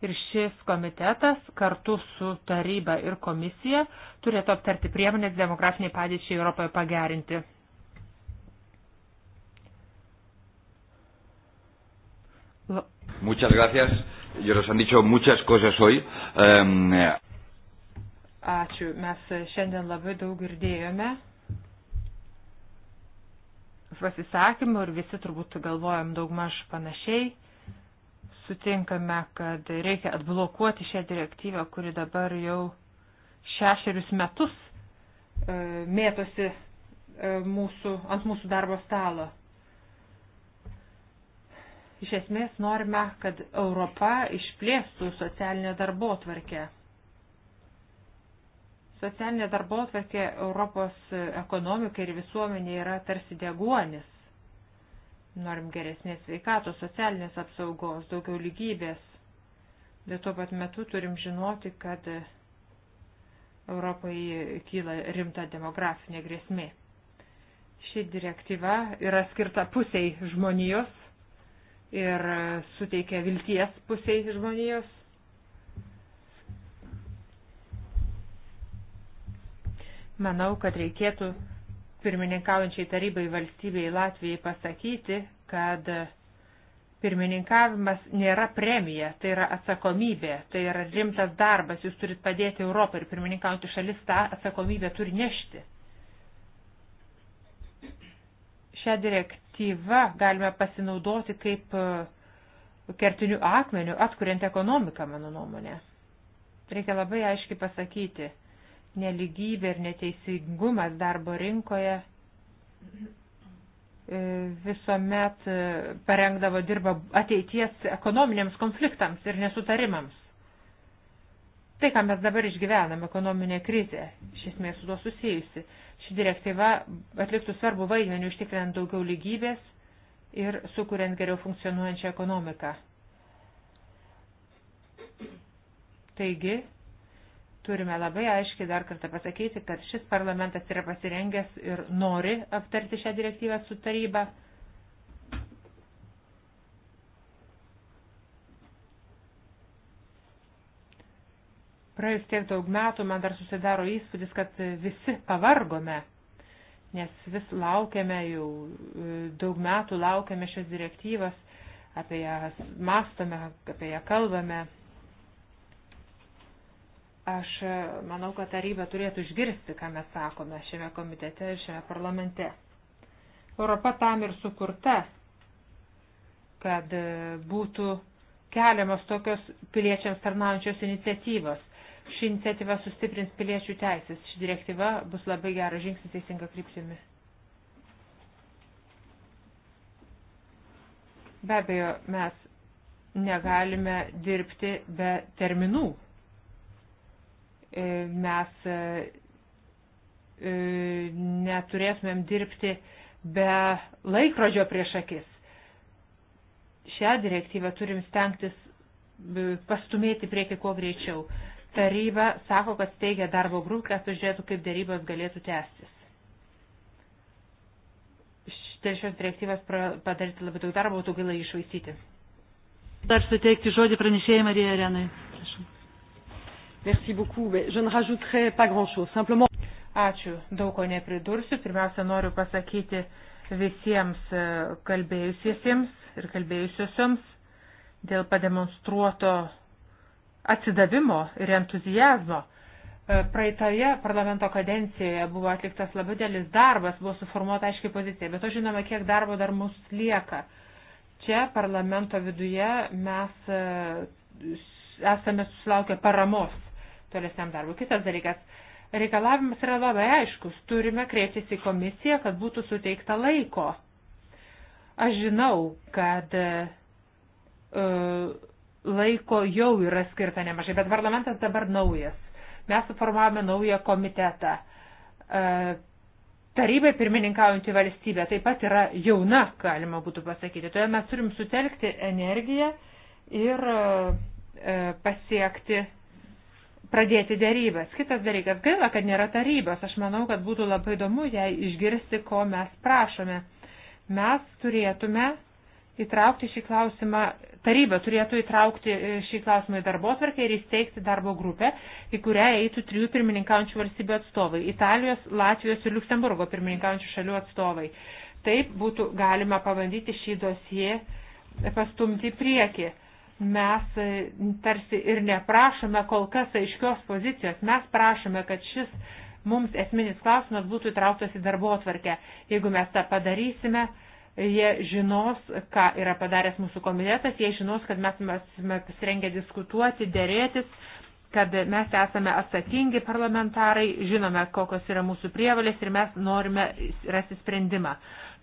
Ir šis komitetas kartu su taryba ir komisija turėtų aptarti priemonės demografiniai padėčiai Europoje pagerinti. Muchas gracias. Y nos han dicho muchas cosas hoy. Um, Ačiū. Mes šiandien labai daug girdėjome pasisakymų ir visi turbūt galvojam daugmaž panašiai. Sutinkame, kad reikia atblokuoti šią direktyvą, kuri dabar jau šešerius metus e, mėtosi e, mūsų, ant mūsų darbo stalo. Iš esmės norime, kad Europa išplėstų socialinę darbo tvarkę. Socialinė darbo tvarkė Europos ekonomikai ir visuomenė yra tarsi deguonis. Norim geresnės veikatos, socialinės apsaugos, daugiau lygybės. Bet tuo pat metu turim žinoti, kad Europai kyla rimta demografinė grėsmė. Ši direktyva yra skirta pusiai žmonijos ir suteikia vilties pusiai žmonijos. Manau, kad reikėtų pirmininkaujančiai tarybai valstybei Latvijai pasakyti, kad pirmininkavimas nėra premija, tai yra atsakomybė, tai yra rimtas darbas, jūs turit padėti Europai ir pirmininkaujantį šalis tą atsakomybę turi nešti. Šią direktyvą perspektyva galime pasinaudoti kaip e, kertiniu akmeniu, atkuriant ekonomiką, mano nuomonė. Reikia labai aiškiai pasakyti, neligybė ir neteisingumas darbo rinkoje e, visuomet e, parengdavo dirba ateities ekonominiams konfliktams ir nesutarimams. Tai, ką mes dabar išgyvename, ekonominė krizė, iš esmės su tuo susijusi, ši direktyva atliktų svarbu vaidmenį užtikrinant daugiau lygybės ir sukuriant geriau funkcionuojančią ekonomiką. Taigi, turime labai aiškiai dar kartą pasakyti, kad šis parlamentas yra pasirengęs ir nori aptarti šią direktyvą su taryba. Praėjus tiek daug metų man dar susidaro įspūdis, kad visi pavargome, nes vis laukiame jau e, daug metų, laukiame šios direktyvas, apie ją mastome, apie ją kalbame. Aš e, manau, kad taryba turėtų išgirsti, ką mes sakome šiame komitete ir šiame parlamente. Europa tam ir sukurta, kad e, būtų keliamos tokios piliečiams tarnaujančios iniciatyvos. Ši iniciatyva sustiprins piliečių teisės. Ši direktyva bus labai geras žingsnis teisinga kryptimi. Be abejo, mes negalime dirbti be terminų. E, mes e, e, neturėsumėm dirbti be laikrodžio prieš akis. Šią direktyvą turim stengtis pastumėti prieki kuo greičiau. Taryba sako, kad steigia darbo grupę, kad sužiūrėtų, kaip dėrybos galėtų tęstis. Dėl šios direktyvos padaryti labai daug darbo, būtų gaila išvaistyti. Dar suteikti žodį pranešėjai Marija Arenai. Merci beaucoup. Je ne rajouterai pas grand chose. Simplement. Ačiū. Daug ko nepridursiu. Pirmiausia, noriu pasakyti visiems e, kalbėjusiesiems ir kalbėjusiosioms dėl pademonstruoto atsidavimo ir entuzijazmo. E, praeitoje parlamento kadencijoje buvo atliktas labai dėlis darbas, buvo suformuota aiškiai pozicija, bet to žinome, kiek darbo dar mus lieka. Čia parlamento viduje mes e, esame susilaukę paramos tolesniam darbui. Kitas dalykas, reikalavimas yra labai aiškus, turime kreiptis į komisiją, kad būtų suteikta laiko. Aš žinau, kad uh, laiko jau yra skirta nemažai, bet parlamentas dabar naujas. Mes suformavome naują komitetą. E, tarybai pirmininkaujantį valstybę taip pat yra jauna, galima būtų pasakyti. Todėl mes turim sutelkti energiją ir e, pasiekti, pradėti dėrybas. Kitas dalykas, gaila, kad nėra tarybos. Aš manau, kad būtų labai įdomu, jei išgirsti, ko mes prašome. Mes turėtume įtraukti šį klausimą taryba turėtų įtraukti e, šį klausimą į darbo atvarkę ir įsteigti darbo grupę, į kurią eitų trijų pirmininkaujančių valstybių atstovai - Italijos, Latvijos ir Luksemburgo pirmininkaujančių šalių atstovai. Taip būtų galima pabandyti šį dosiją pastumti į priekį. Mes e, tarsi ir neprašome kol kas aiškios pozicijos, mes prašome, kad šis mums esminis klausimas būtų įtrauktas į darbo atvarkę. Jeigu mes tą padarysime, Jie žinos, ką yra padaręs mūsų komitetas, jie žinos, kad mes esame pasirengę diskutuoti, dėrėtis, kad mes esame atsakingi parlamentarai, žinome, kokios yra mūsų prievalės ir mes norime rasti sprendimą.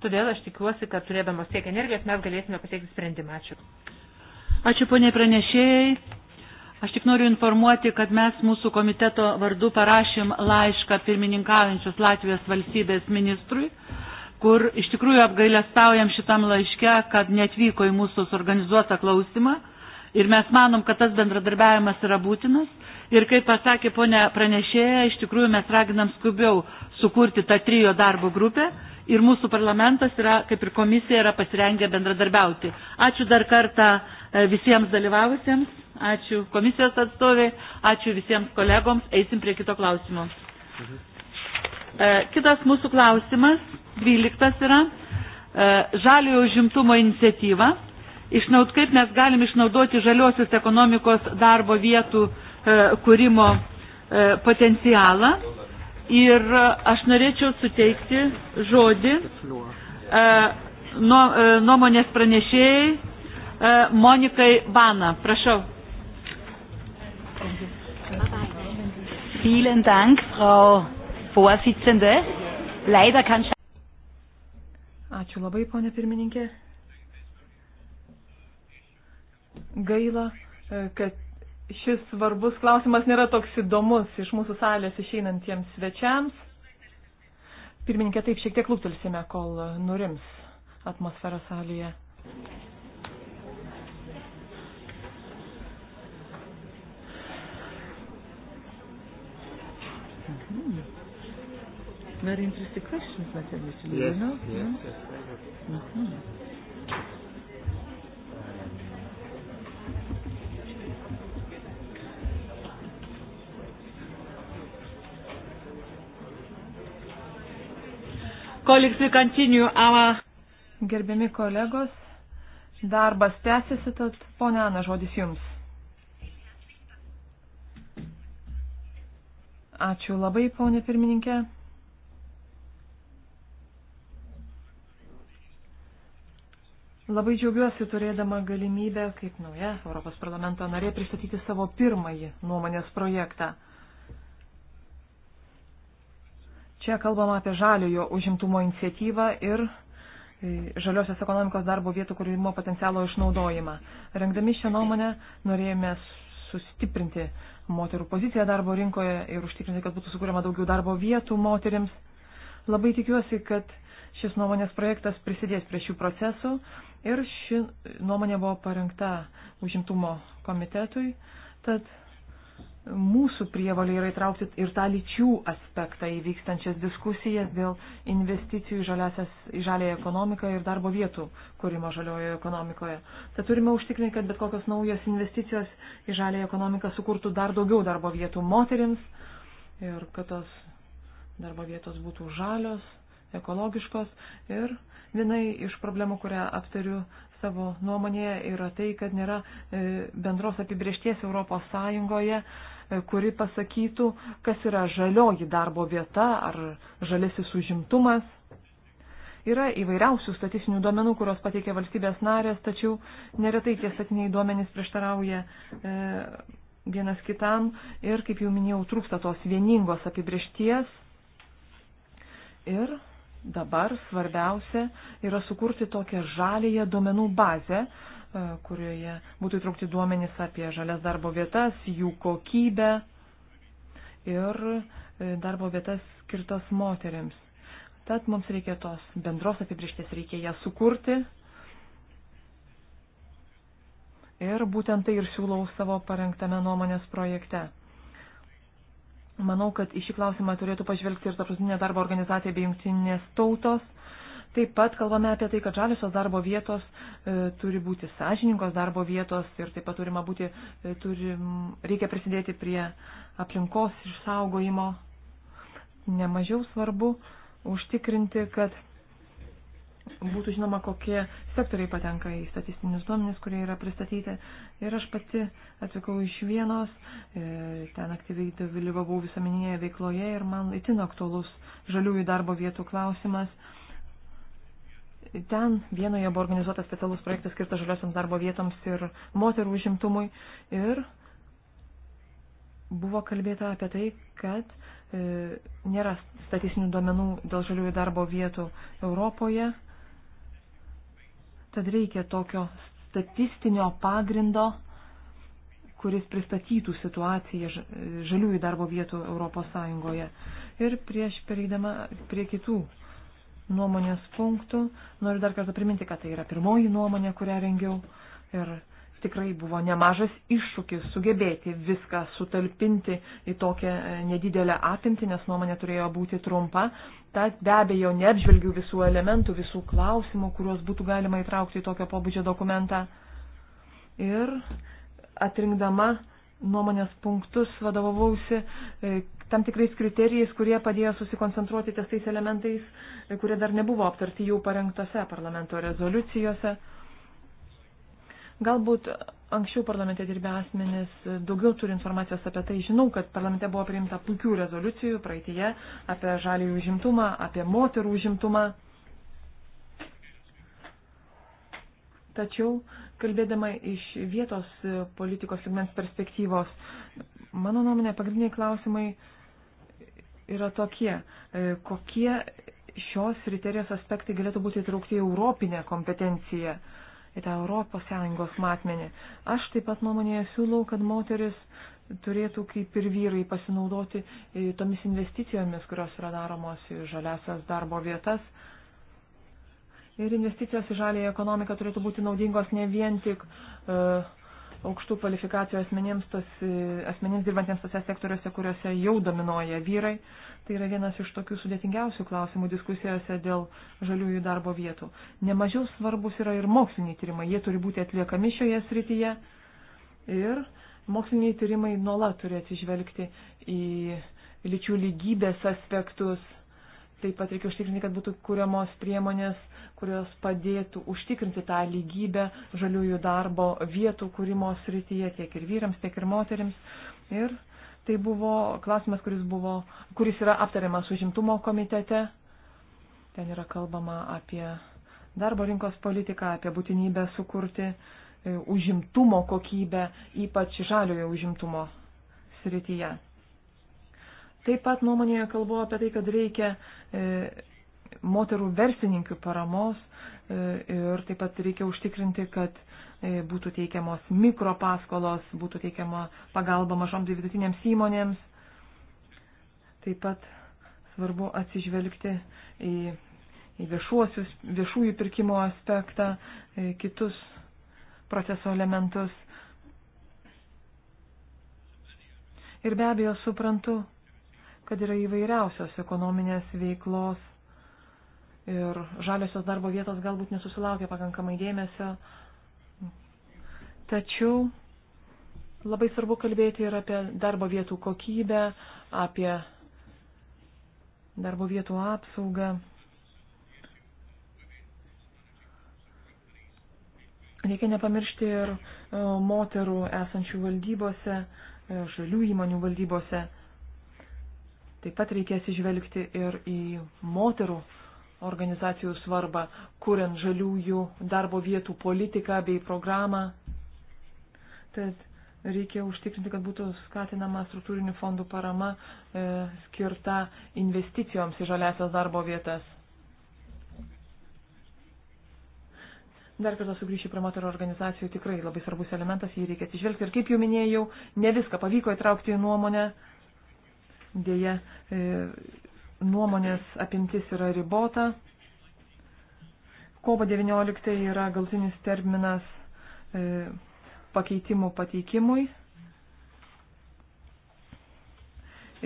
Todėl aš tikiuosi, kad turėdamos tiek energijos mes galėsime pasiekti sprendimą. Ačiū. Ačiū poniai pranešėjai. Aš tik noriu informuoti, kad mes mūsų komiteto vardu parašėm laišką pirmininkaujančios Latvijos valstybės ministrui kur iš tikrųjų apgailestaujam šitam laiške, kad netvyko į mūsų suorganizuotą klausimą ir mes manom, kad tas bendradarbiavimas yra būtinas. Ir kaip pasakė ponė pranešėja, iš tikrųjų mes raginam skubiau sukurti tą trijo darbo grupę ir mūsų parlamentas yra, kaip ir komisija, yra pasirengę bendradarbiauti. Ačiū dar kartą e, visiems dalyvavusiems, ačiū komisijos atstoviai, ačiū visiems kolegoms, eisim prie kito klausimo. Mhm. E, kitas mūsų klausimas 12 yra e, žaliojo užimtumo iniciatyva, išnaud, kaip mes galim išnaudoti žaliosios ekonomikos darbo vietų e, kūrimo e, potencialą. Ir aš norėčiau suteikti žodį nuomonės pranešėjai Monikai Bana. Prašau. Vielen Dank, Frau Vorsitzende. Leider kann Ačiū labai, ponė pirmininkė. Gaila, e, kad šis svarbus klausimas nėra toks įdomus iš mūsų salės išeinantiems svečiams. Pirmininkė, taip šiek tiek lūktelsime, kol nurims atmosfera salėje. Mm-hmm. Very interesting questions, I tell you, yes, you know? Yes, yeah? yes, very good. Mm-hmm. Colleagues, we continue our... Gerbiami kolegos, darbas tęsiasi, tad ponia Ana, žodis jums. Ačiū labai, ponė pirmininkė. Labai džiaugiuosi turėdama galimybę, kaip nauja Europos parlamento narė, pristatyti savo pirmąjį nuomonės projektą. Čia kalbama apie žaliojo užimtumo iniciatyvą ir e, žaliosios ekonomikos darbo vietų kūrimo potencialo išnaudojimą. Rengdami šią nuomonę norėjome sustiprinti moterų poziciją darbo rinkoje ir užtikrinti, kad būtų sukūrima daugiau darbo vietų moterims. Labai tikiuosi, kad Šis nuomonės projektas prisidės prie šių procesų ir ši nuomonė buvo parengta užimtumo komitetui, tad mūsų prievalė yra įtraukti ir tą lyčių aspektą įvykstančias diskusijas dėl investicijų į, žaliasias, į žalėją ekonomiką ir darbo vietų kūrimo žaliojoje ekonomikoje. Tad turime užtikrinti, kad bet kokios naujos investicijos į žalėją ekonomiką sukurtų dar daugiau darbo vietų moterims ir kad tos darbo vietos būtų žalios ekologiškos. Ir viena iš problemų, kurią aptariu savo nuomonėje, yra tai, kad nėra e, bendros apibriešties Europos Sąjungoje e, kuri pasakytų, kas yra žalioji darbo vieta ar žalesis užimtumas. Yra įvairiausių statistinių duomenų, kurios pateikia valstybės narės, tačiau neretai tie statiniai duomenys prieštarauja e, vienas kitam ir, kaip jau minėjau, trūksta tos vieningos apibriešties. Ir dabar svarbiausia yra sukurti tokią žalėje duomenų bazę, e, kurioje būtų įtraukti duomenys apie žalias darbo vietas, jų kokybę ir e, darbo vietas skirtas moteriams. Tad mums reikia tos bendros apibrištės, reikia ją sukurti. Ir būtent tai ir siūlau savo parengtame nuomonės projekte. Manau, kad į šį klausimą turėtų pažvelgti ir tarptautinė darbo organizacija bei jungtinės tautos. Taip pat kalbame apie tai, kad žaliosios darbo vietos e, turi būti sąžininkos darbo vietos ir taip pat turima būti, e, turim, reikia prisidėti prie aplinkos išsaugojimo. Nemažiau svarbu užtikrinti, kad būtų žinoma, kokie sektoriai patenka į statistinius duomenis, kurie yra pristatyti. Ir aš pati atvykau iš vienos, e, ten aktyviai dalyvavau visuomeninėje veikloje ir man itin aktuolus žaliųjų darbo vietų klausimas. Ten vienoje buvo organizuotas specialus projektas skirtas žaliosiams darbo vietoms ir moterų užimtumui. Ir buvo kalbėta apie tai, kad e, nėra statistinių duomenų dėl žaliųjų darbo vietų Europoje. Tad reikia tokio statistinio pagrindo, kuris pristatytų situaciją žaliųjų darbo vietų ES. Ir prieš pereidama prie kitų nuomonės punktų, noriu dar kartą priminti, kad tai yra pirmoji nuomonė, kurią rengiau. Ir tikrai buvo nemažas iššūkis sugebėti viską sutalpinti į tokią e, nedidelę apimtį, nes nuomonė turėjo būti trumpa. Tad be abejo neapžvelgiu visų elementų, visų klausimų, kuriuos būtų galima įtraukti į tokio pobūdžio dokumentą. Ir atrinkdama nuomonės punktus vadovavausi e, tam tikrais kriterijais, kurie padėjo susikoncentruoti ties tais elementais, e, kurie dar nebuvo aptarti jau parengtose parlamento rezoliucijose. Galbūt anksčiau parlamente dirbę asmenys daugiau turi informacijos apie tai. Žinau, kad parlamente buvo priimta puikių rezoliucijų praeitie apie žalį užimtumą, apie moterų užimtumą. Tačiau, kalbėdama iš vietos politikos lygmens perspektyvos, mano nuomonė, pagrindiniai klausimai yra tokie, kokie šios riterijos aspektai galėtų būti įtraukti į europinę kompetenciją į tą ES matmenį. Aš taip pat nuomonėje siūlau, kad moteris turėtų kaip ir vyrai pasinaudoti e, tomis investicijomis, kurios yra daromos į žaliasias darbo vietas. Ir investicijos į žalį ekonomiką turėtų būti naudingos ne vien tik uh, aukštų kvalifikacijų asmenims, tos, e, asmenims dirbantiems tose sektoriuose, kuriuose jau dominuoja vyrai. Tai yra vienas iš tokių sudėtingiausių klausimų diskusijose dėl žaliųjų darbo vietų. Nemažiau svarbus yra ir moksliniai tyrimai. Jie turi būti atliekami šioje srityje. Ir moksliniai tyrimai nuolat turi atsižvelgti į lyčių lygybės aspektus Taip pat reikia užtikrinti, kad būtų kuriamos priemonės, kurios padėtų užtikrinti tą lygybę žaliųjų darbo vietų kūrimo srityje tiek ir vyrams, tiek ir moteriams. Ir tai buvo klausimas, kuris, buvo, kuris yra aptariamas užimtumo komitete. Ten yra kalbama apie darbo rinkos politiką, apie būtinybę sukurti e, užimtumo kokybę, ypač žaliojo užimtumo srityje. Taip pat nuomonėje kalbu apie tai, kad reikia e, moterų verslininkių paramos e, ir taip pat reikia užtikrinti, kad e, būtų teikiamos mikropaskolos, būtų teikiama pagalba mažoms ir vidutinėms įmonėms. Taip pat svarbu atsižvelgti į, į viešuosius, viešųjų pirkimo aspektą, kitus proceso elementus. Ir be abejo suprantu, kad yra įvairiausios ekonominės veiklos ir žaliosios darbo vietos galbūt nesusilaukia pakankamai dėmesio. Tačiau labai svarbu kalbėti ir apie darbo vietų kokybę, apie darbo vietų apsaugą. Reikia nepamiršti ir e, moterų esančių valdybose, e, žalių įmonių valdybose. Taip pat reikės išvelgti ir į moterų organizacijų svarbą, kuriant žaliųjų darbo vietų politiką bei programą. Tad reikia užtikrinti, kad būtų skatinama struktūrinių fondų parama e, skirta investicijoms į žaliasias darbo vietas. Dar kartą sugrįšiu prie moterų organizacijų, tikrai labai svarbus elementas, jį reikia atsižvelgti. Ir kaip jau minėjau, ne viską pavyko įtraukti į nuomonę. E, dėja e, nuomonės apimtis yra ribota. Kovo 19 yra galtinis terminas e, pakeitimų pateikimui.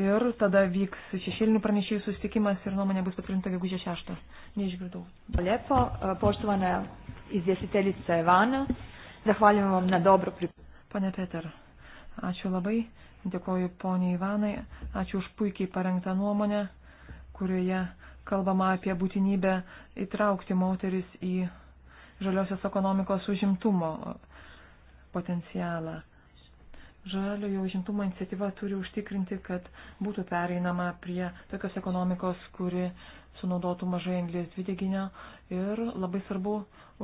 Ir tada vyks šešėlinių pranešėjų susitikimas ir nuomonė bus patvirtinta gegužė 6. Neišgirdau. Lepo, e, poštovana izvjestiteljica Evana, zahvaljujem vam na dobro pripravljanje. Pane Peter, ačiū labai. Dėkoju poniai Ivanai, ačiū už puikiai parengtą nuomonę, kurioje kalbama apie būtinybę įtraukti moteris į žaliosios ekonomikos užimtumo potencialą. Žaliojo užimtumo iniciatyva turi užtikrinti, kad būtų pereinama prie tokios ekonomikos, kuri sunaudotų mažai anglės dvideginio ir labai svarbu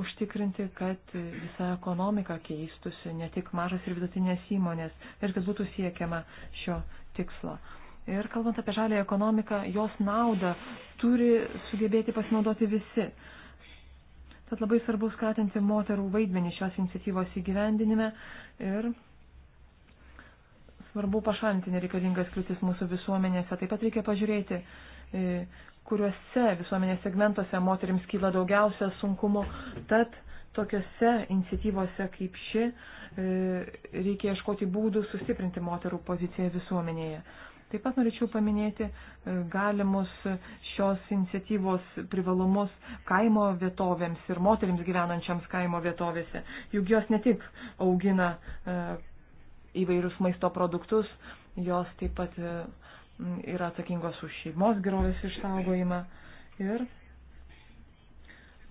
užtikrinti, kad visa ekonomika keistusi, ne tik mažas ir vidutinės įmonės ir kad būtų siekiama šio tikslo. Ir kalbant apie žalę ekonomiką, jos naudą turi sugebėti pasinaudoti visi. Tad labai svarbu skatinti moterų vaidmenį šios iniciatyvos įgyvendinime ir Svarbu pašalinti nereikalingas kliūtis mūsų visuomenėse. Taip pat reikia pažiūrėti, e, kuriuose visuomenės segmentuose moteriams kyla daugiausia sunkumų. Tad tokiuose iniciatyvose kaip ši e, reikia ieškoti būdų sustiprinti moterų poziciją visuomenėje. Taip pat norėčiau paminėti e, galimus šios iniciatyvos privalumus kaimo vietovėms ir moteriams gyvenančiams kaimo vietovėse. Juk jos ne tik augina įvairius maisto produktus, jos taip pat e, yra atsakingos už šeimos gerovės išsaugojimą ir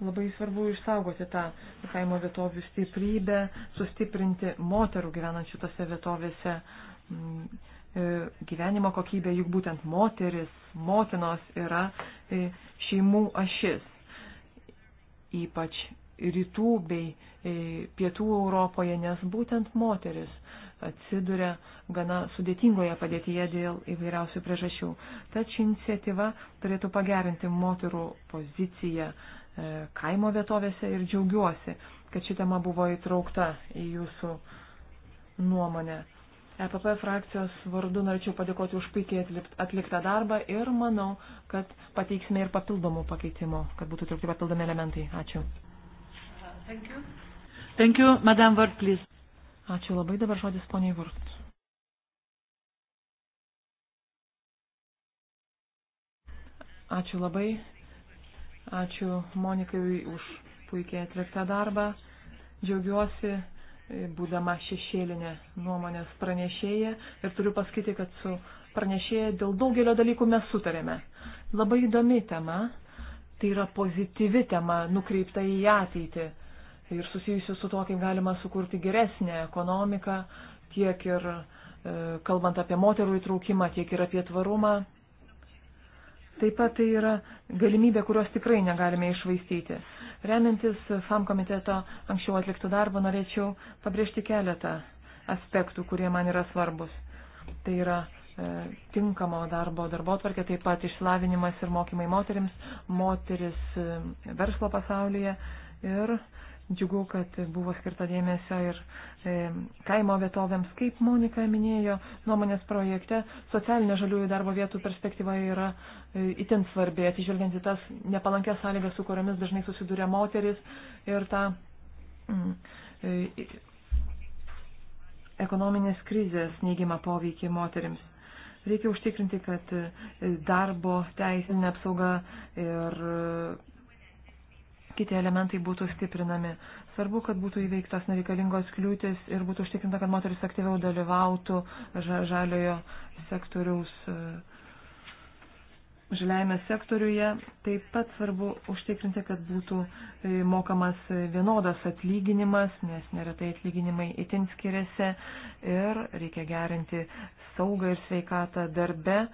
labai svarbu išsaugoti tą kaimo vietovių stiprybę, sustiprinti moterų gyvenančių tose vietovėse e, gyvenimo kokybę, juk būtent moteris, motinos yra e, šeimų ašis. Ypač rytų bei pietų Europoje, nes būtent moteris atsiduria gana sudėtingoje padėtyje dėl įvairiausių priežasčių. Tad ši iniciatyva turėtų pagerinti moterų poziciją e, kaimo vietovėse ir džiaugiuosi, kad ši tema buvo įtraukta į jūsų nuomonę. EPP frakcijos vardu norėčiau padėkoti už puikiai atliktą darbą ir manau, kad pateiksime ir papildomų pakeitimų, kad būtų trukti papildomi elementai. Ačiū. Thank you. Thank you, Madam Word, please. Ačiū labai, dabar žodis poniai Vurt. Ačiū labai, ačiū Monikai už puikiai atliktą darbą. Džiaugiuosi, būdama šešėlinė nuomonės pranešėja ir turiu pasakyti, kad su pranešėja dėl daugelio dalykų mes sutarėme. Labai įdomi tema, tai yra pozityvi tema nukreipta į ateitį ir susijusių su to, kaip galima sukurti geresnę ekonomiką, tiek ir e, kalbant apie moterų įtraukimą, tiek ir apie tvarumą. Taip pat tai yra galimybė, kurios tikrai negalime išvaistyti. Remiantis FAM komiteto anksčiau atliktų darbą, norėčiau pabrėžti keletą aspektų, kurie man yra svarbus. Tai yra e, tinkamo darbo darbo tvarkė, taip pat išlavinimas ir mokymai moterims, moteris e, verslo pasaulyje ir Džiugu, kad buvo skirta dėmesio ir e, kaimo vietovėms. Kaip Monika minėjo nuomonės projekte, socialinė žaliųjų darbo vietų perspektyva yra e, itin svarbi, atsižvelgiant į tas nepalankės sąlygas, su kuriamis dažnai susiduria moteris ir tą mm, e, ekonominės krizės neigiamą poveikį moterims. Reikia užtikrinti, kad e, darbo teisinė apsauga ir e, kiti elementai būtų stiprinami. Svarbu, kad būtų įveiktos nereikalingos kliūtis ir būtų užtikrinta, kad moteris aktyviau dalyvautų žaliojo sektoriaus e, žaliajame sektoriuje. Taip pat svarbu užtikrinti, kad būtų e, mokamas vienodas atlyginimas, nes neretai atlyginimai itin skiriasi ir reikia gerinti saugą ir sveikatą darbe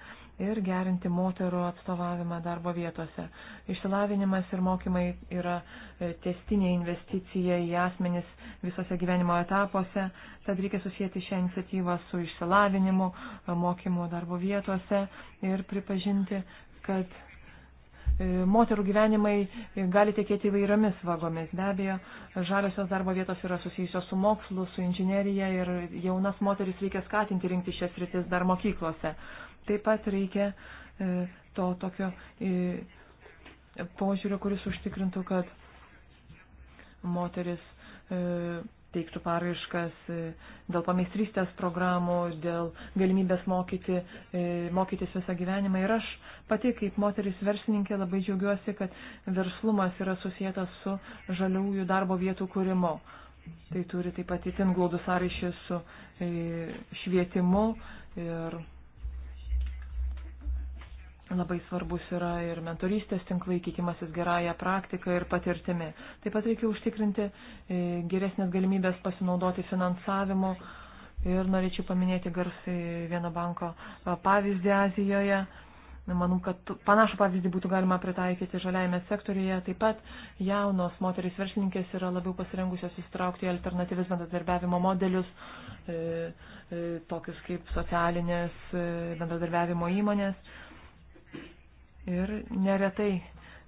ir gerinti moterų atstovavimą darbo vietose. Išsilavinimas ir mokymai yra e, testinė investicija į asmenis visose gyvenimo etapuose, tad reikia susijęti šią iniciatyvą su išsilavinimu, e, mokymu darbo vietose ir pripažinti, kad e, moterų gyvenimai gali tekėti įvairiomis vagomis. Be abejo, žaliosios darbo vietos yra susijusios su mokslu, su inžinierija ir jaunas moteris reikia skatinti rinkti šias rytis dar mokyklose. Taip pat reikia e, to tokio e, požiūrio, kuris užtikrintų, kad moteris e, teiktų paraiškas dėl pameistrystės programų, dėl galimybės mokyti, mokytis visą gyvenimą. Ir aš pati kaip moteris verslininkė labai džiaugiuosi, kad verslumas yra susijęs su žaliųjų darbo vietų kūrimu. Tai turi taip pat itin glaudų sąryšį su švietimu ir Labai svarbus yra ir mentorystės tinklai, kikimasis gerąją praktiką ir patirtimi. Taip pat reikia užtikrinti e, geresnės galimybės pasinaudoti finansavimu. Ir norėčiau paminėti garsiai vieno banko e, pavyzdį Azijoje. Manau, kad panašų pavyzdį būtų galima pritaikyti žaliajame sektoriuje. Taip pat jaunos moterys verslininkės yra labiau pasirengusios įsitraukti į alternatyvius bendradarbiavimo modelius, e, tokius kaip socialinės bendradarbiavimo įmonės Ir neretai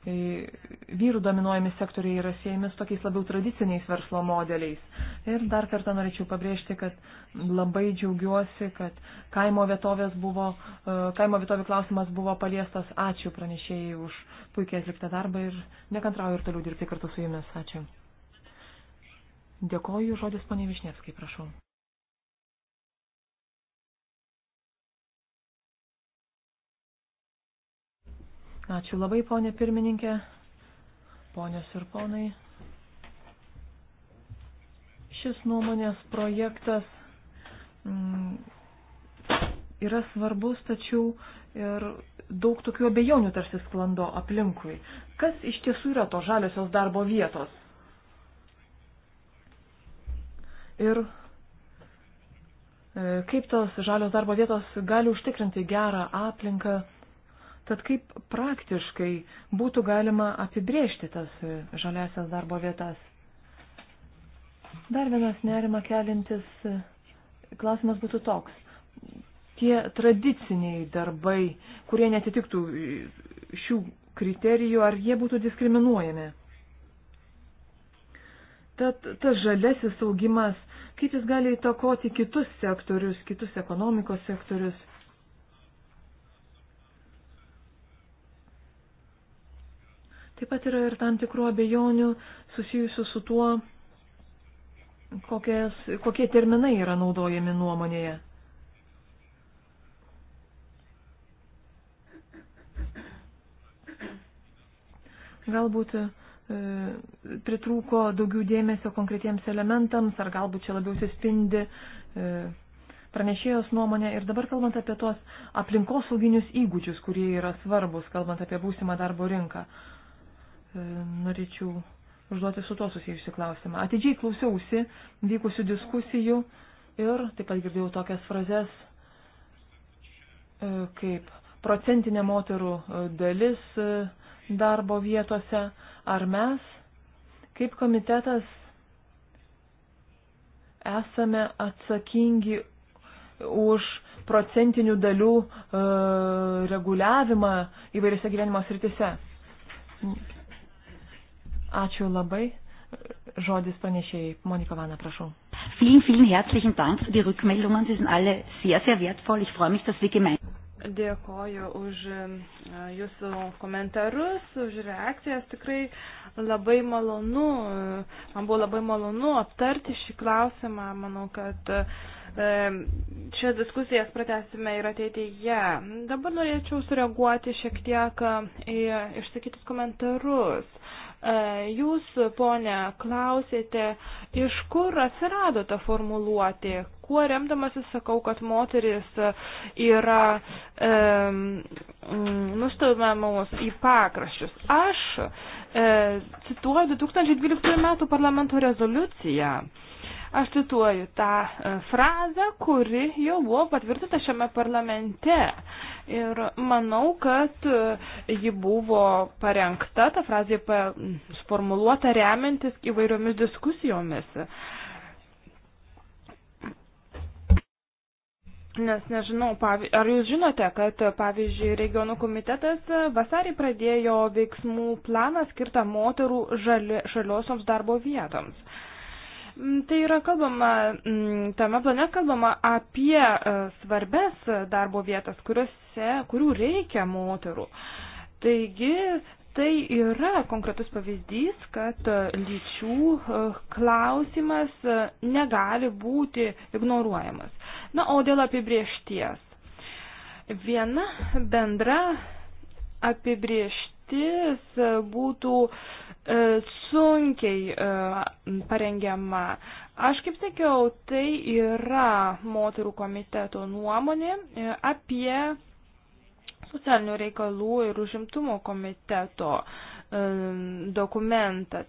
vyrų dominuojami sektoriai yra siejami su tokiais labiau tradiciniais verslo modeliais. Ir dar kartą norėčiau pabrėžti, kad labai džiaugiuosi, kad kaimo, buvo, e, kaimo vietovių klausimas buvo paliestas. Ačiū pranešėjai už puikiai atliktą darbą ir nekantrauju ir toliau dirbti kartu su jumis. Ačiū. Dėkoju, žodis poniai Višnievskai, prašau. Ačiū labai, ponė pirmininkė, ponės ir ponai. Šis nuomonės projektas mm, yra svarbus, tačiau ir daug tokių abejonių tarsi sklando aplinkui. Kas iš tiesų yra to žaliosios darbo vietos? Ir e, kaip tos žalios darbo vietos gali užtikrinti gerą aplinką Tad kaip praktiškai būtų galima apibriežti tas žaliasias darbo vietas? Dar vienas nerima kelintis klausimas būtų toks. Tie tradiciniai darbai, kurie netitiktų šių kriterijų, ar jie būtų diskriminuojami? Tad tas žalesis augimas, kaip jis gali įtakoti kitus sektorius, kitus ekonomikos sektorius? Taip pat yra ir tam tikrų abejonių susijusių su tuo, kokias, kokie terminai yra naudojami nuomonėje. Galbūt e, pritrūko daugiau dėmesio konkretiems elementams, ar galbūt čia labiau suspindi e, pranešėjos nuomonė. Ir dabar kalbant apie tuos aplinkosauginius įgūdžius, kurie yra svarbus, kalbant apie būsimą darbo rinką. E, E, norėčiau užduoti su to susijusi klausimą. Atidžiai klausiausi vykusių diskusijų ir taip pat girdėjau tokias frazes e, kaip procentinė moterų e, dalis darbo vietose. Ar mes, kaip komitetas, esame atsakingi už procentinių dalių reguliavimą įvairiose gyvenimo sritise? Ačiū labai. Žodis panešėjai. Monika Vana, prašau. Vielen, vielen herzlichen Dank für die Rückmeldungen. Sie sind alle sehr, sehr wertvoll. Ich freue mich, dass wir gemeinsam. Dėkoju už jūsų komentarus, už reakcijas. Tikrai labai malonu, man buvo labai malonu aptarti šį klausimą. Manau, kad šias diskusijas pratesime ir ateityje. Dabar norėčiau sureaguoti šiek tiek į išsakytus komentarus. E, jūs, ponė, klausėte, iš kur atsirado ta formuluotė, kuo remdamasi sakau, kad moteris yra e, nustumiamos į pakraščius. Aš e, cituoju 2012 m. parlamento rezoliuciją. E, Aš cituoju tą e, frazę, kuri jau buvo patvirtinta šiame parlamente. Ir manau, kad e, ji buvo parengta, ta frazė sformuluota remiantis įvairiomis diskusijomis. Nes nežinau, ar jūs žinote, kad pavyzdžiui regionų komitetas vasarį pradėjo veiksmų planą skirtą moterų žali, žaliosioms darbo vietoms. Mm, tai yra kalbama, mm, tame plane kalbama apie e, svarbes darbo vietas, kuriuose, kurių reikia moterų. Taigi, tai yra konkretus pavyzdys, kad e, lyčių e, klausimas negali būti ignoruojamas. Na, o dėl apibriešties. Viena bendra apibrieštis būtų uh, E, sunkiai e, parengiama. Aš kaip sakiau, tai yra moterų komiteto nuomonė e, apie socialinių reikalų ir užimtumo komiteto dokumentą.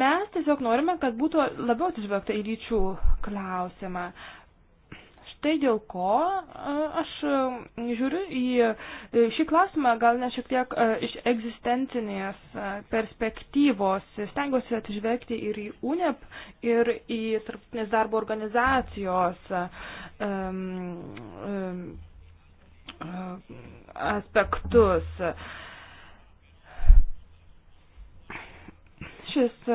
Mes tiesiog norime, kad būtų labiau atsižvelgta į lyčių klausimą. Uh, Štai dėl ko aš žiūriu į e, šį klausimą gal ne šiek tiek iš egzistencinės perspektyvos. Stengiuosi atžvelgti ir į UNEP, ir į tarptautinės darbo organizacijos aspektus. Šis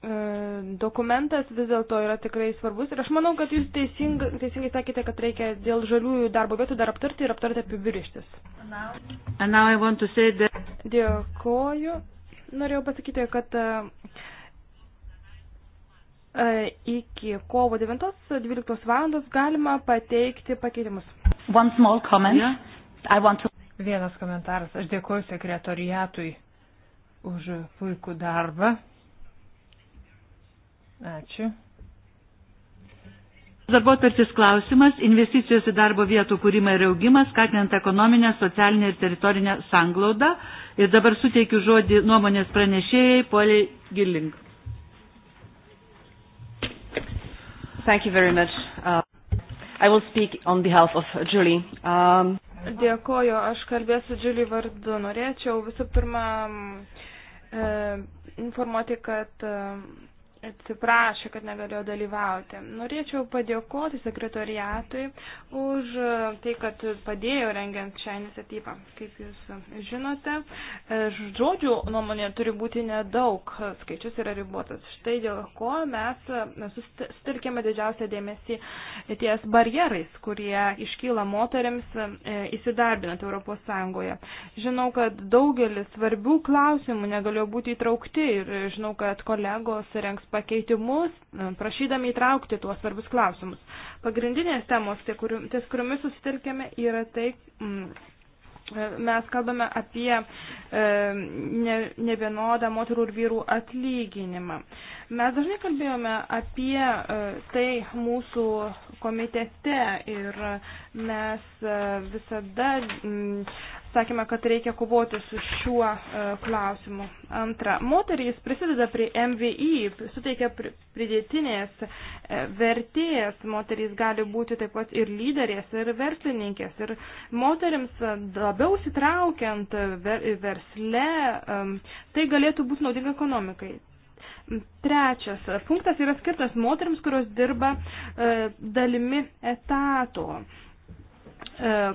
E, dokumentas vis dėlto yra tikrai svarbus ir aš manau, kad jūs teisingai, teisingai sakėte, kad reikia dėl žaliųjų darbo vietų dar aptarti ir aptarti apibirištis. That... Dėkoju. Norėjau pasakyti, kad e, e, iki kovo 9-12 valandos galima pateikti pakeitimus. One small comment. Yeah. To... Vienas komentaras. Aš dėkoju sekretoriatui už puikų darbą Ačiū. Darbotvarkės klausimas - investicijos į darbo vietų kūrimą ir augimą, skatinant ekonominę, socialinę ir teritorinę sanglaudą. Ir dabar suteikiu žodį nuomonės pranešėjai, poliai Gilling. Thank you very much. Uh, I will speak on behalf of Julie. Um, Dėkoju, aš kalbėsiu Julie vardu. Norėčiau visų pirma e, informuoti, kad e, atsiprašė, kad negalėjo dalyvauti. Norėčiau padėkoti sekretoriatui už tai, kad padėjo rengiant šią iniciatyvą. Kaip jūs žinote, žodžių nuomonė turi būti nedaug, skaičius yra ribotas. Štai dėl ko mes, mes susitelkėme didžiausią dėmesį ties barjerais, kurie iškyla moteriams e, įsidarbinant Europos Sąjungoje. Žinau, kad daugelis svarbių klausimų negalėjo būti įtraukti ir žinau, kad kolegos rengs pakeitimus, e, prašydami įtraukti tuos svarbus klausimus. Pagrindinės temos, ties kuriu, kuriomis susitelkėme, yra tai, mm, mes kalbame apie e, ne, nevienodą moterų ir vyrų atlyginimą. Mes dažnai kalbėjome apie e, tai mūsų komitete ir mes e, visada m, sakėme, kad reikia kovoti su šiuo e, klausimu. Antra, moterys prisideda prie MVI, suteikia pridėtinės e, vertės, moterys gali būti taip pat ir lyderės, ir verslininkės, ir moterims labiau sitraukiant e, versle, tai galėtų būti naudinga ekonomikai. Trečias punktas yra skirtas moteriams, kurios dirba dalimi etato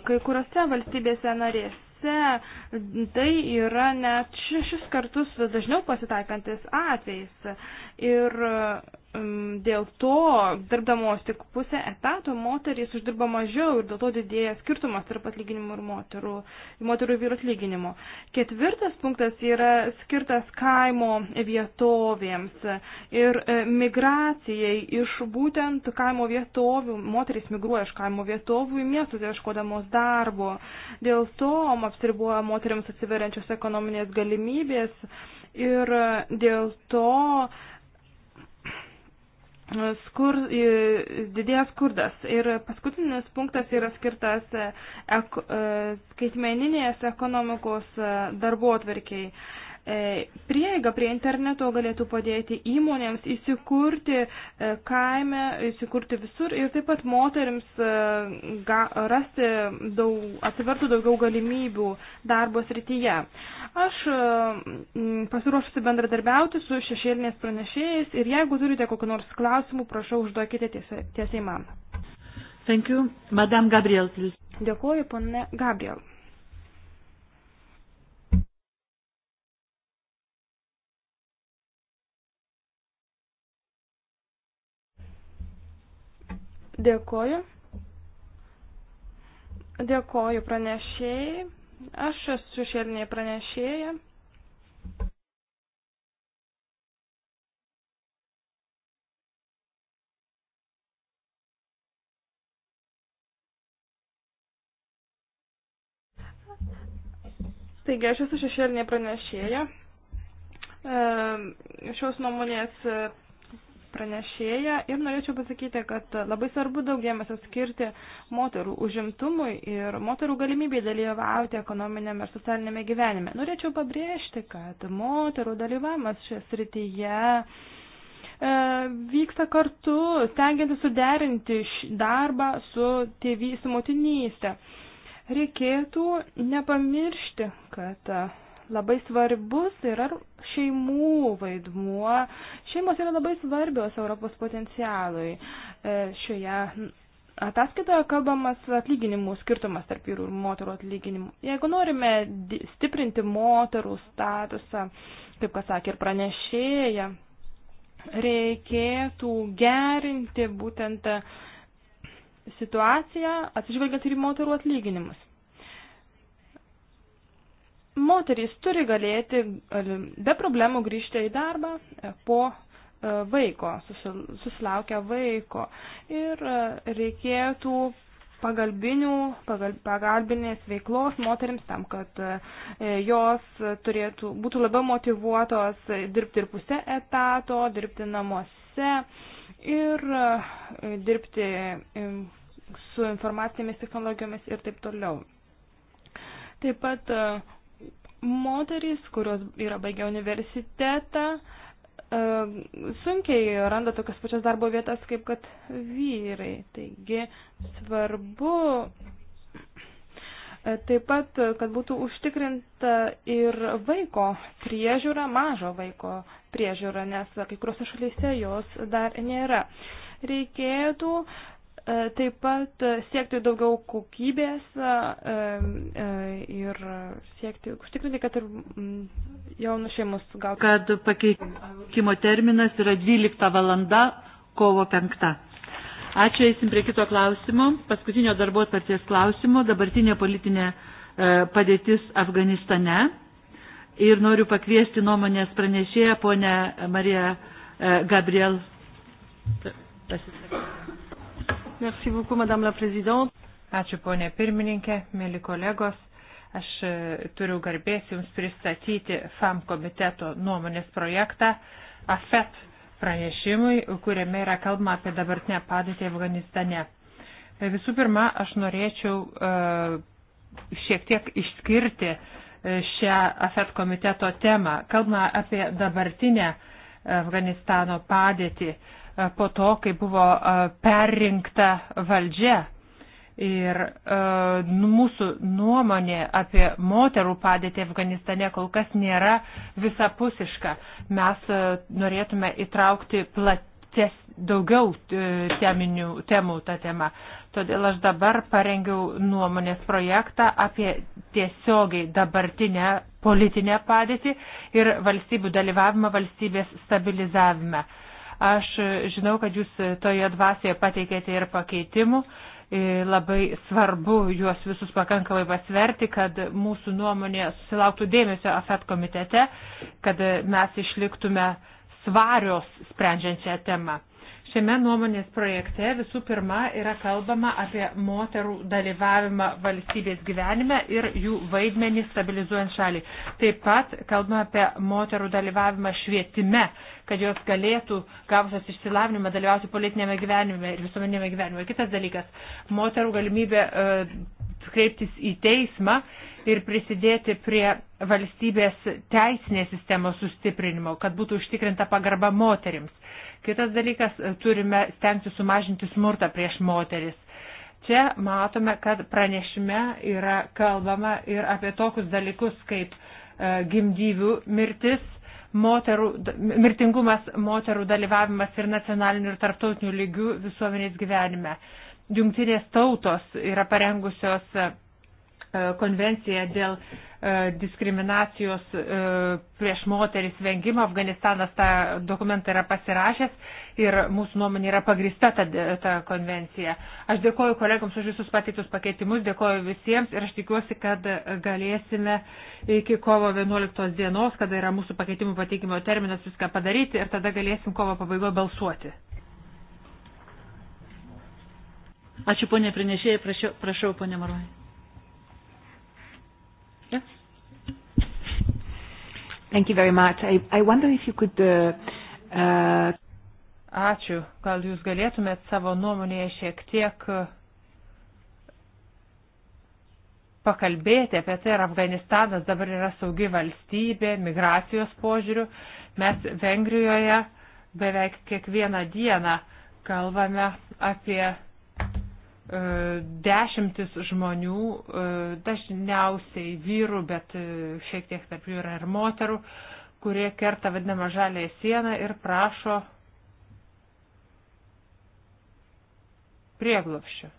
kai kuriuose valstybėse narės narėse tai yra net šešis kartus dažniau pasitaikantis atvejs. Ir Dėl to, darbdamos tik pusę etato, moterys uždirba mažiau ir dėl to didėja skirtumas tarp atlyginimų ir moterų, moterų ir vyrų atlyginimo. Ketvirtas punktas yra skirtas kaimo vietovėms ir e, migracijai iš būtent kaimo vietovių. Moterys migruoja iš kaimo vietovių į miestus ieškodamos darbo. Dėl to apsiribuoja moteriams atsiveriančios ekonominės galimybės ir e, dėl to skur, didėja skurdas. Ir paskutinis punktas yra skirtas e, ek, e, skaitmeninės ekonomikos e, darbo atverkiai. E, prieiga prie interneto galėtų padėti įmonėms įsikurti e, kaime, įsikurti visur ir taip pat moteriams e, rasti daug, atsivertų daugiau galimybių darbo srityje. Aš pasiruošusi bendradarbiauti su šešėlinės pranešėjais ir jeigu turite kokiu nors klausimų, prašau užduokite tiesiai man. Thank you, Madame Gabriel. Dėkuoju, ponė Gabriel. Dėkoju. Dėkoju pranešėjai. Aš esu šešėlinė pranešėja. Taigi, aš esu šešėlinė pranešėja. Ehm, šios nuomonės pranešėją ir norėčiau pasakyti, kad labai svarbu daug dėmesio skirti moterų užimtumui ir moterų galimybėj dalyvauti ekonominėme ir socialinėme gyvenime. Norėčiau pabrėžti, kad moterų dalyvavimas šioje srityje e, vyksta kartu, stengiantis suderinti darbą su tėvys motinystė. Reikėtų nepamiršti, kad labai svarbus yra šeimų vaidmuo. Šeimos yra labai svarbios Europos potencialui. E, šioje ataskaitoje kalbamas atlyginimų skirtumas tarp vyrų ir moterų atlyginimų. Jeigu norime stiprinti moterų statusą, kaip kas sakė ir pranešėja, reikėtų gerinti būtent situaciją, atsižvelgiant ir į moterų atlyginimus moterys turi galėti be problemų grįžti į darbą e, po e, vaiko, susilaukia vaiko ir e, reikėtų pagalbinių, pagalbinės veiklos moteriams tam, kad jos turėtų, būtų labiau motivuotos dirbti ir pusę etato, dirbti namuose ir dirbti su informacinėmis technologijomis ir taip toliau. Taip pat uh, moterys, kurios yra baigę universitetą, e, sunkiai randa tokias pačias darbo vietas kaip kad vyrai. Taigi svarbu e, taip pat, kad būtų užtikrinta ir vaiko priežiūra, mažo vaiko priežiūra, nes kai kuriuose šalyse jos dar nėra. Reikėtų uh, E, taip pat siekti daugiau kokybės e, e, ir siekti užtikrinti, kad ir jaunų šeimos gautų. Kad pakeitimo terminas yra 12 valanda kovo 5. Ačiū, eisim prie kito klausimo. Paskutinio darbo atparties klausimo. Dabartinė politinė padėtis Afganistane. Ir noriu pakviesti nuomonės pranešėją ponę Mariją Gabriel. Pasisakyti. Merci beaucoup, Madame la Présidente. Ačiū, ponė pirmininkė, mėly kolegos. Aš e, turiu garbės Jums pristatyti FAM komiteto nuomonės projektą AFET pranešimui, kuriame yra kalbama apie dabartinę padėtį Afganistane. E, visų pirma, aš norėčiau e, šiek tiek išskirti šią AFET komiteto temą. Kalbame apie dabartinę Afganistano padėtį po to, kai buvo perrinkta valdžia. Ir nu, mūsų nuomonė apie moterų padėtį Afganistane kol kas nėra visapusiška. Mes norėtume įtraukti plates, daugiau teminių, temų tą temą. Todėl aš dabar parengiau nuomonės projektą apie tiesiogiai dabartinę politinę padėtį ir valstybių dalyvavimą valstybės stabilizavime. Aš žinau, kad jūs toje dvasioje pateikėte ir pakeitimų. E, Labai svarbu juos visus pakankamai pasverti, kad mūsų nuomonė susilauktų dėmesio AFET komitete, kad mes išliktume svarios sprendžiančią temą. Šiame nuomonės projekte visų pirma yra kalbama apie moterų dalyvavimą valstybės gyvenime ir jų vaidmenį stabilizuojant šalį. Taip pat kalbama apie moterų dalyvavimą švietime, kad jos galėtų gavusios išsilavinimą dalyvauti politinėme gyvenime ir visuomenėme gyvenime. Kitas dalykas - moterų galimybė e, kreiptis į teismą ir prisidėti prie valstybės teisinės sistemos sustiprinimo, kad būtų užtikrinta pagarba moterims. Kitas dalykas, e, turime stengti sumažinti smurtą prieš moteris. Čia matome, kad pranešime yra kalbama ir apie tokius dalykus kaip e, gimdyvių mirtis, moterų, mirtingumas moterų dalyvavimas ir nacionalinių ir tarptautinių lygių visuomenės gyvenime. Jungtinės tautos yra parengusios e, E, konvenciją dėl e, diskriminacijos e, prieš moteris vengimo. Afganistanas tą dokumentą yra pasirašęs ir mūsų nuomonė yra pagrista ta, ta konvencija. Aš dėkoju kolegams už visus pateiktus pakeitimus, dėkoju visiems ir aš tikiuosi, kad galėsime iki kovo 11 dienos, kada yra mūsų pakeitimų pateikimo terminas, viską padaryti ir tada galėsim kovo pabaigoje balsuoti. Ačiū ponė pranešėjai, prašau, prašau ponė Marvai. Thank you very much. I, I wonder if you could... Uh, uh... Ačiū. Gal jūs galėtumėt savo nuomonėje šiek tiek uh, pakalbėti apie tai, ar Afganistanas dabar yra saugi valstybė, migracijos požiūrių. Mes Vengrijoje beveik kiekvieną dieną kalbame apie E, dešimtis žmonių, e, dažniausiai vyrų, bet e, šiek tiek tarp jų yra ir moterų, kurie kerta vadinamą žalę sieną ir prašo prieglopščių.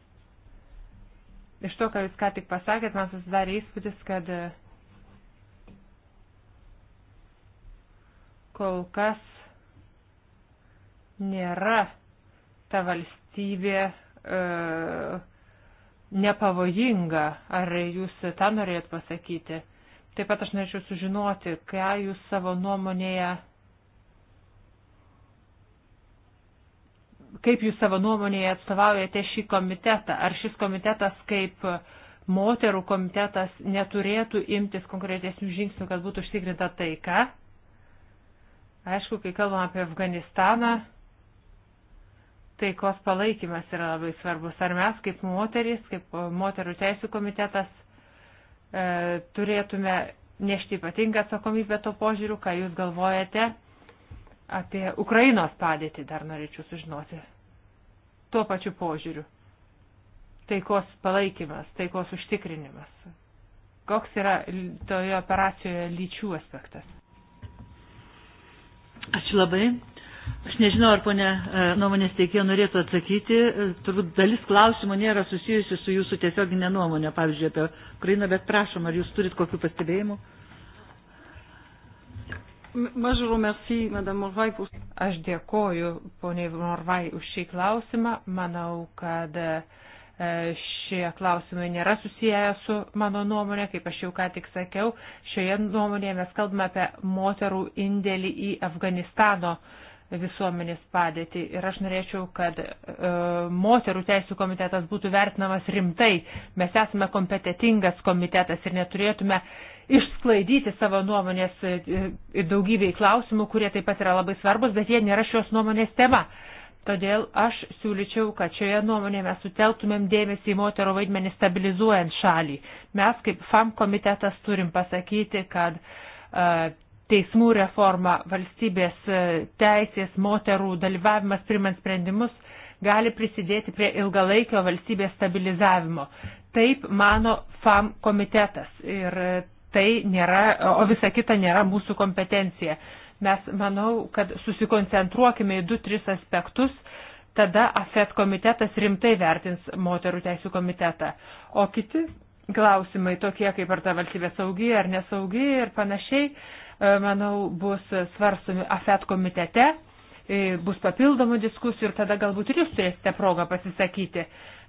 Iš to, ką jūs ką tik pasakėt, man susidarė įspūdis, kad kol kas nėra ta valstybė E, nepavojinga. Ar jūs tą norėjot pasakyti? Taip pat aš norėčiau sužinoti, ką jūs savo nuomonėje, kaip jūs savo nuomonėje atstovaujate šį komitetą. Ar šis komitetas kaip moterų komitetas neturėtų imtis konkretesnių žingsnių, kad būtų užtikrinta taika? Aišku, kai kalbam apie Afganistaną, taikos palaikymas yra labai svarbus. Ar mes kaip moterys, kaip moterų teisų komitetas e, turėtume nešti ypatingą atsakomybę to požiūriu, ką jūs galvojate apie Ukrainos padėtį, dar norėčiau sužinoti. Tuo pačiu požiūriu. Taikos palaikymas, taikos užtikrinimas. Koks yra toje operacijoje lyčių aspektas? Ačiū labai. Aš nežinau, ar ponė e, nuomonės teikė norėtų atsakyti. E, turbūt dalis klausimų nėra susijusi su jūsų tiesioginė nuomonė, pavyzdžiui, apie Ukrainą, bet prašom, ar jūs turit kokių pastebėjimų? Aš dėkoju poniai Morvai už šį klausimą. Manau, kad e, šie klausimai nėra susiję su mano nuomonė, kaip aš jau ką tik sakiau. Šioje nuomonėje mes kalbame apie moterų indėlį į Afganistano uh, visuomenės padėtį ir aš norėčiau, kad e, moterų teisų komitetas būtų vertinamas rimtai. Mes esame kompetitingas komitetas ir neturėtume išsklaidyti savo nuomonės e, e, ir daugybei klausimų, kurie taip pat yra labai svarbus, bet jie nėra šios nuomonės tema. Todėl aš siūlyčiau, kad šioje nuomonėje mes sutelktumėm dėmesį į moterų vaidmenį stabilizuojant šalį. Mes kaip FAM komitetas turim pasakyti, kad e, teismų reforma, valstybės e, teisės, moterų dalyvavimas primant sprendimus gali prisidėti prie ilgalaikio valstybės stabilizavimo. Taip mano FAM komitetas ir e, tai nėra, o visa kita nėra mūsų kompetencija. Mes manau, kad susikoncentruokime į du, tris aspektus, tada AFET komitetas rimtai vertins moterų teisų komitetą. O kiti klausimai tokie kaip ar ta valstybė saugi ar nesaugi ir panašiai, E, manau, bus svarstomi AFET komitete, e, bus papildomų diskusijų ir tada galbūt ir jūs turėsite progą pasisakyti.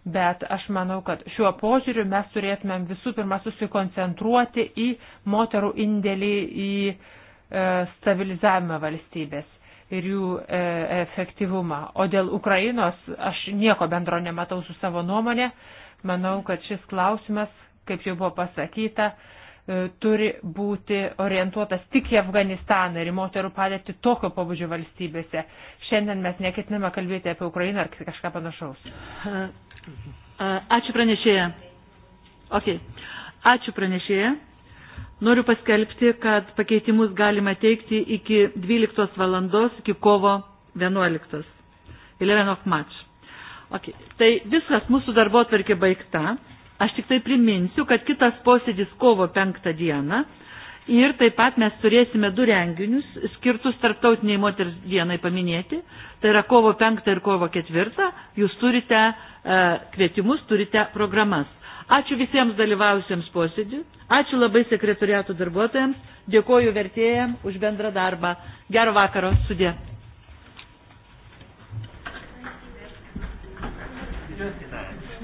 Bet aš manau, kad šiuo požiūriu mes turėtumėm visų pirma susikoncentruoti į moterų indėlį į e, stabilizavimą valstybės ir jų e, efektyvumą. O dėl Ukrainos aš nieko bendro nematau su savo nuomonė. Manau, kad šis klausimas, kaip jau buvo pasakyta, e, E, turi būti orientuotas tik į Afganistaną ir į moterų padėtį tokio pabudžio valstybėse. Šiandien mes neketiname kalbėti apie Ukrainą ar kažką panašaus. E, e, ačiū pranešėja. Okay. Ačiū pranešėja. Noriu paskelbti, kad pakeitimus galima teikti iki 12 valandos, iki kovo 11. 11 of March. Okay. Tai viskas mūsų darbo tvarkė baigta. Aš tik tai priminsiu, kad kitas posėdis kovo penktą dieną ir taip pat mes turėsime du renginius skirtus tarptautiniai moters dienai paminėti. Tai yra kovo penktą ir kovo ketvirtą. Jūs turite e, kvietimus, turite programas. Ačiū visiems dalyvausiems posėdžiui, ačiū labai sekretoriato darbuotojams, dėkoju vertėjams už bendrą darbą. Gero vakaro, sudė. Gracias.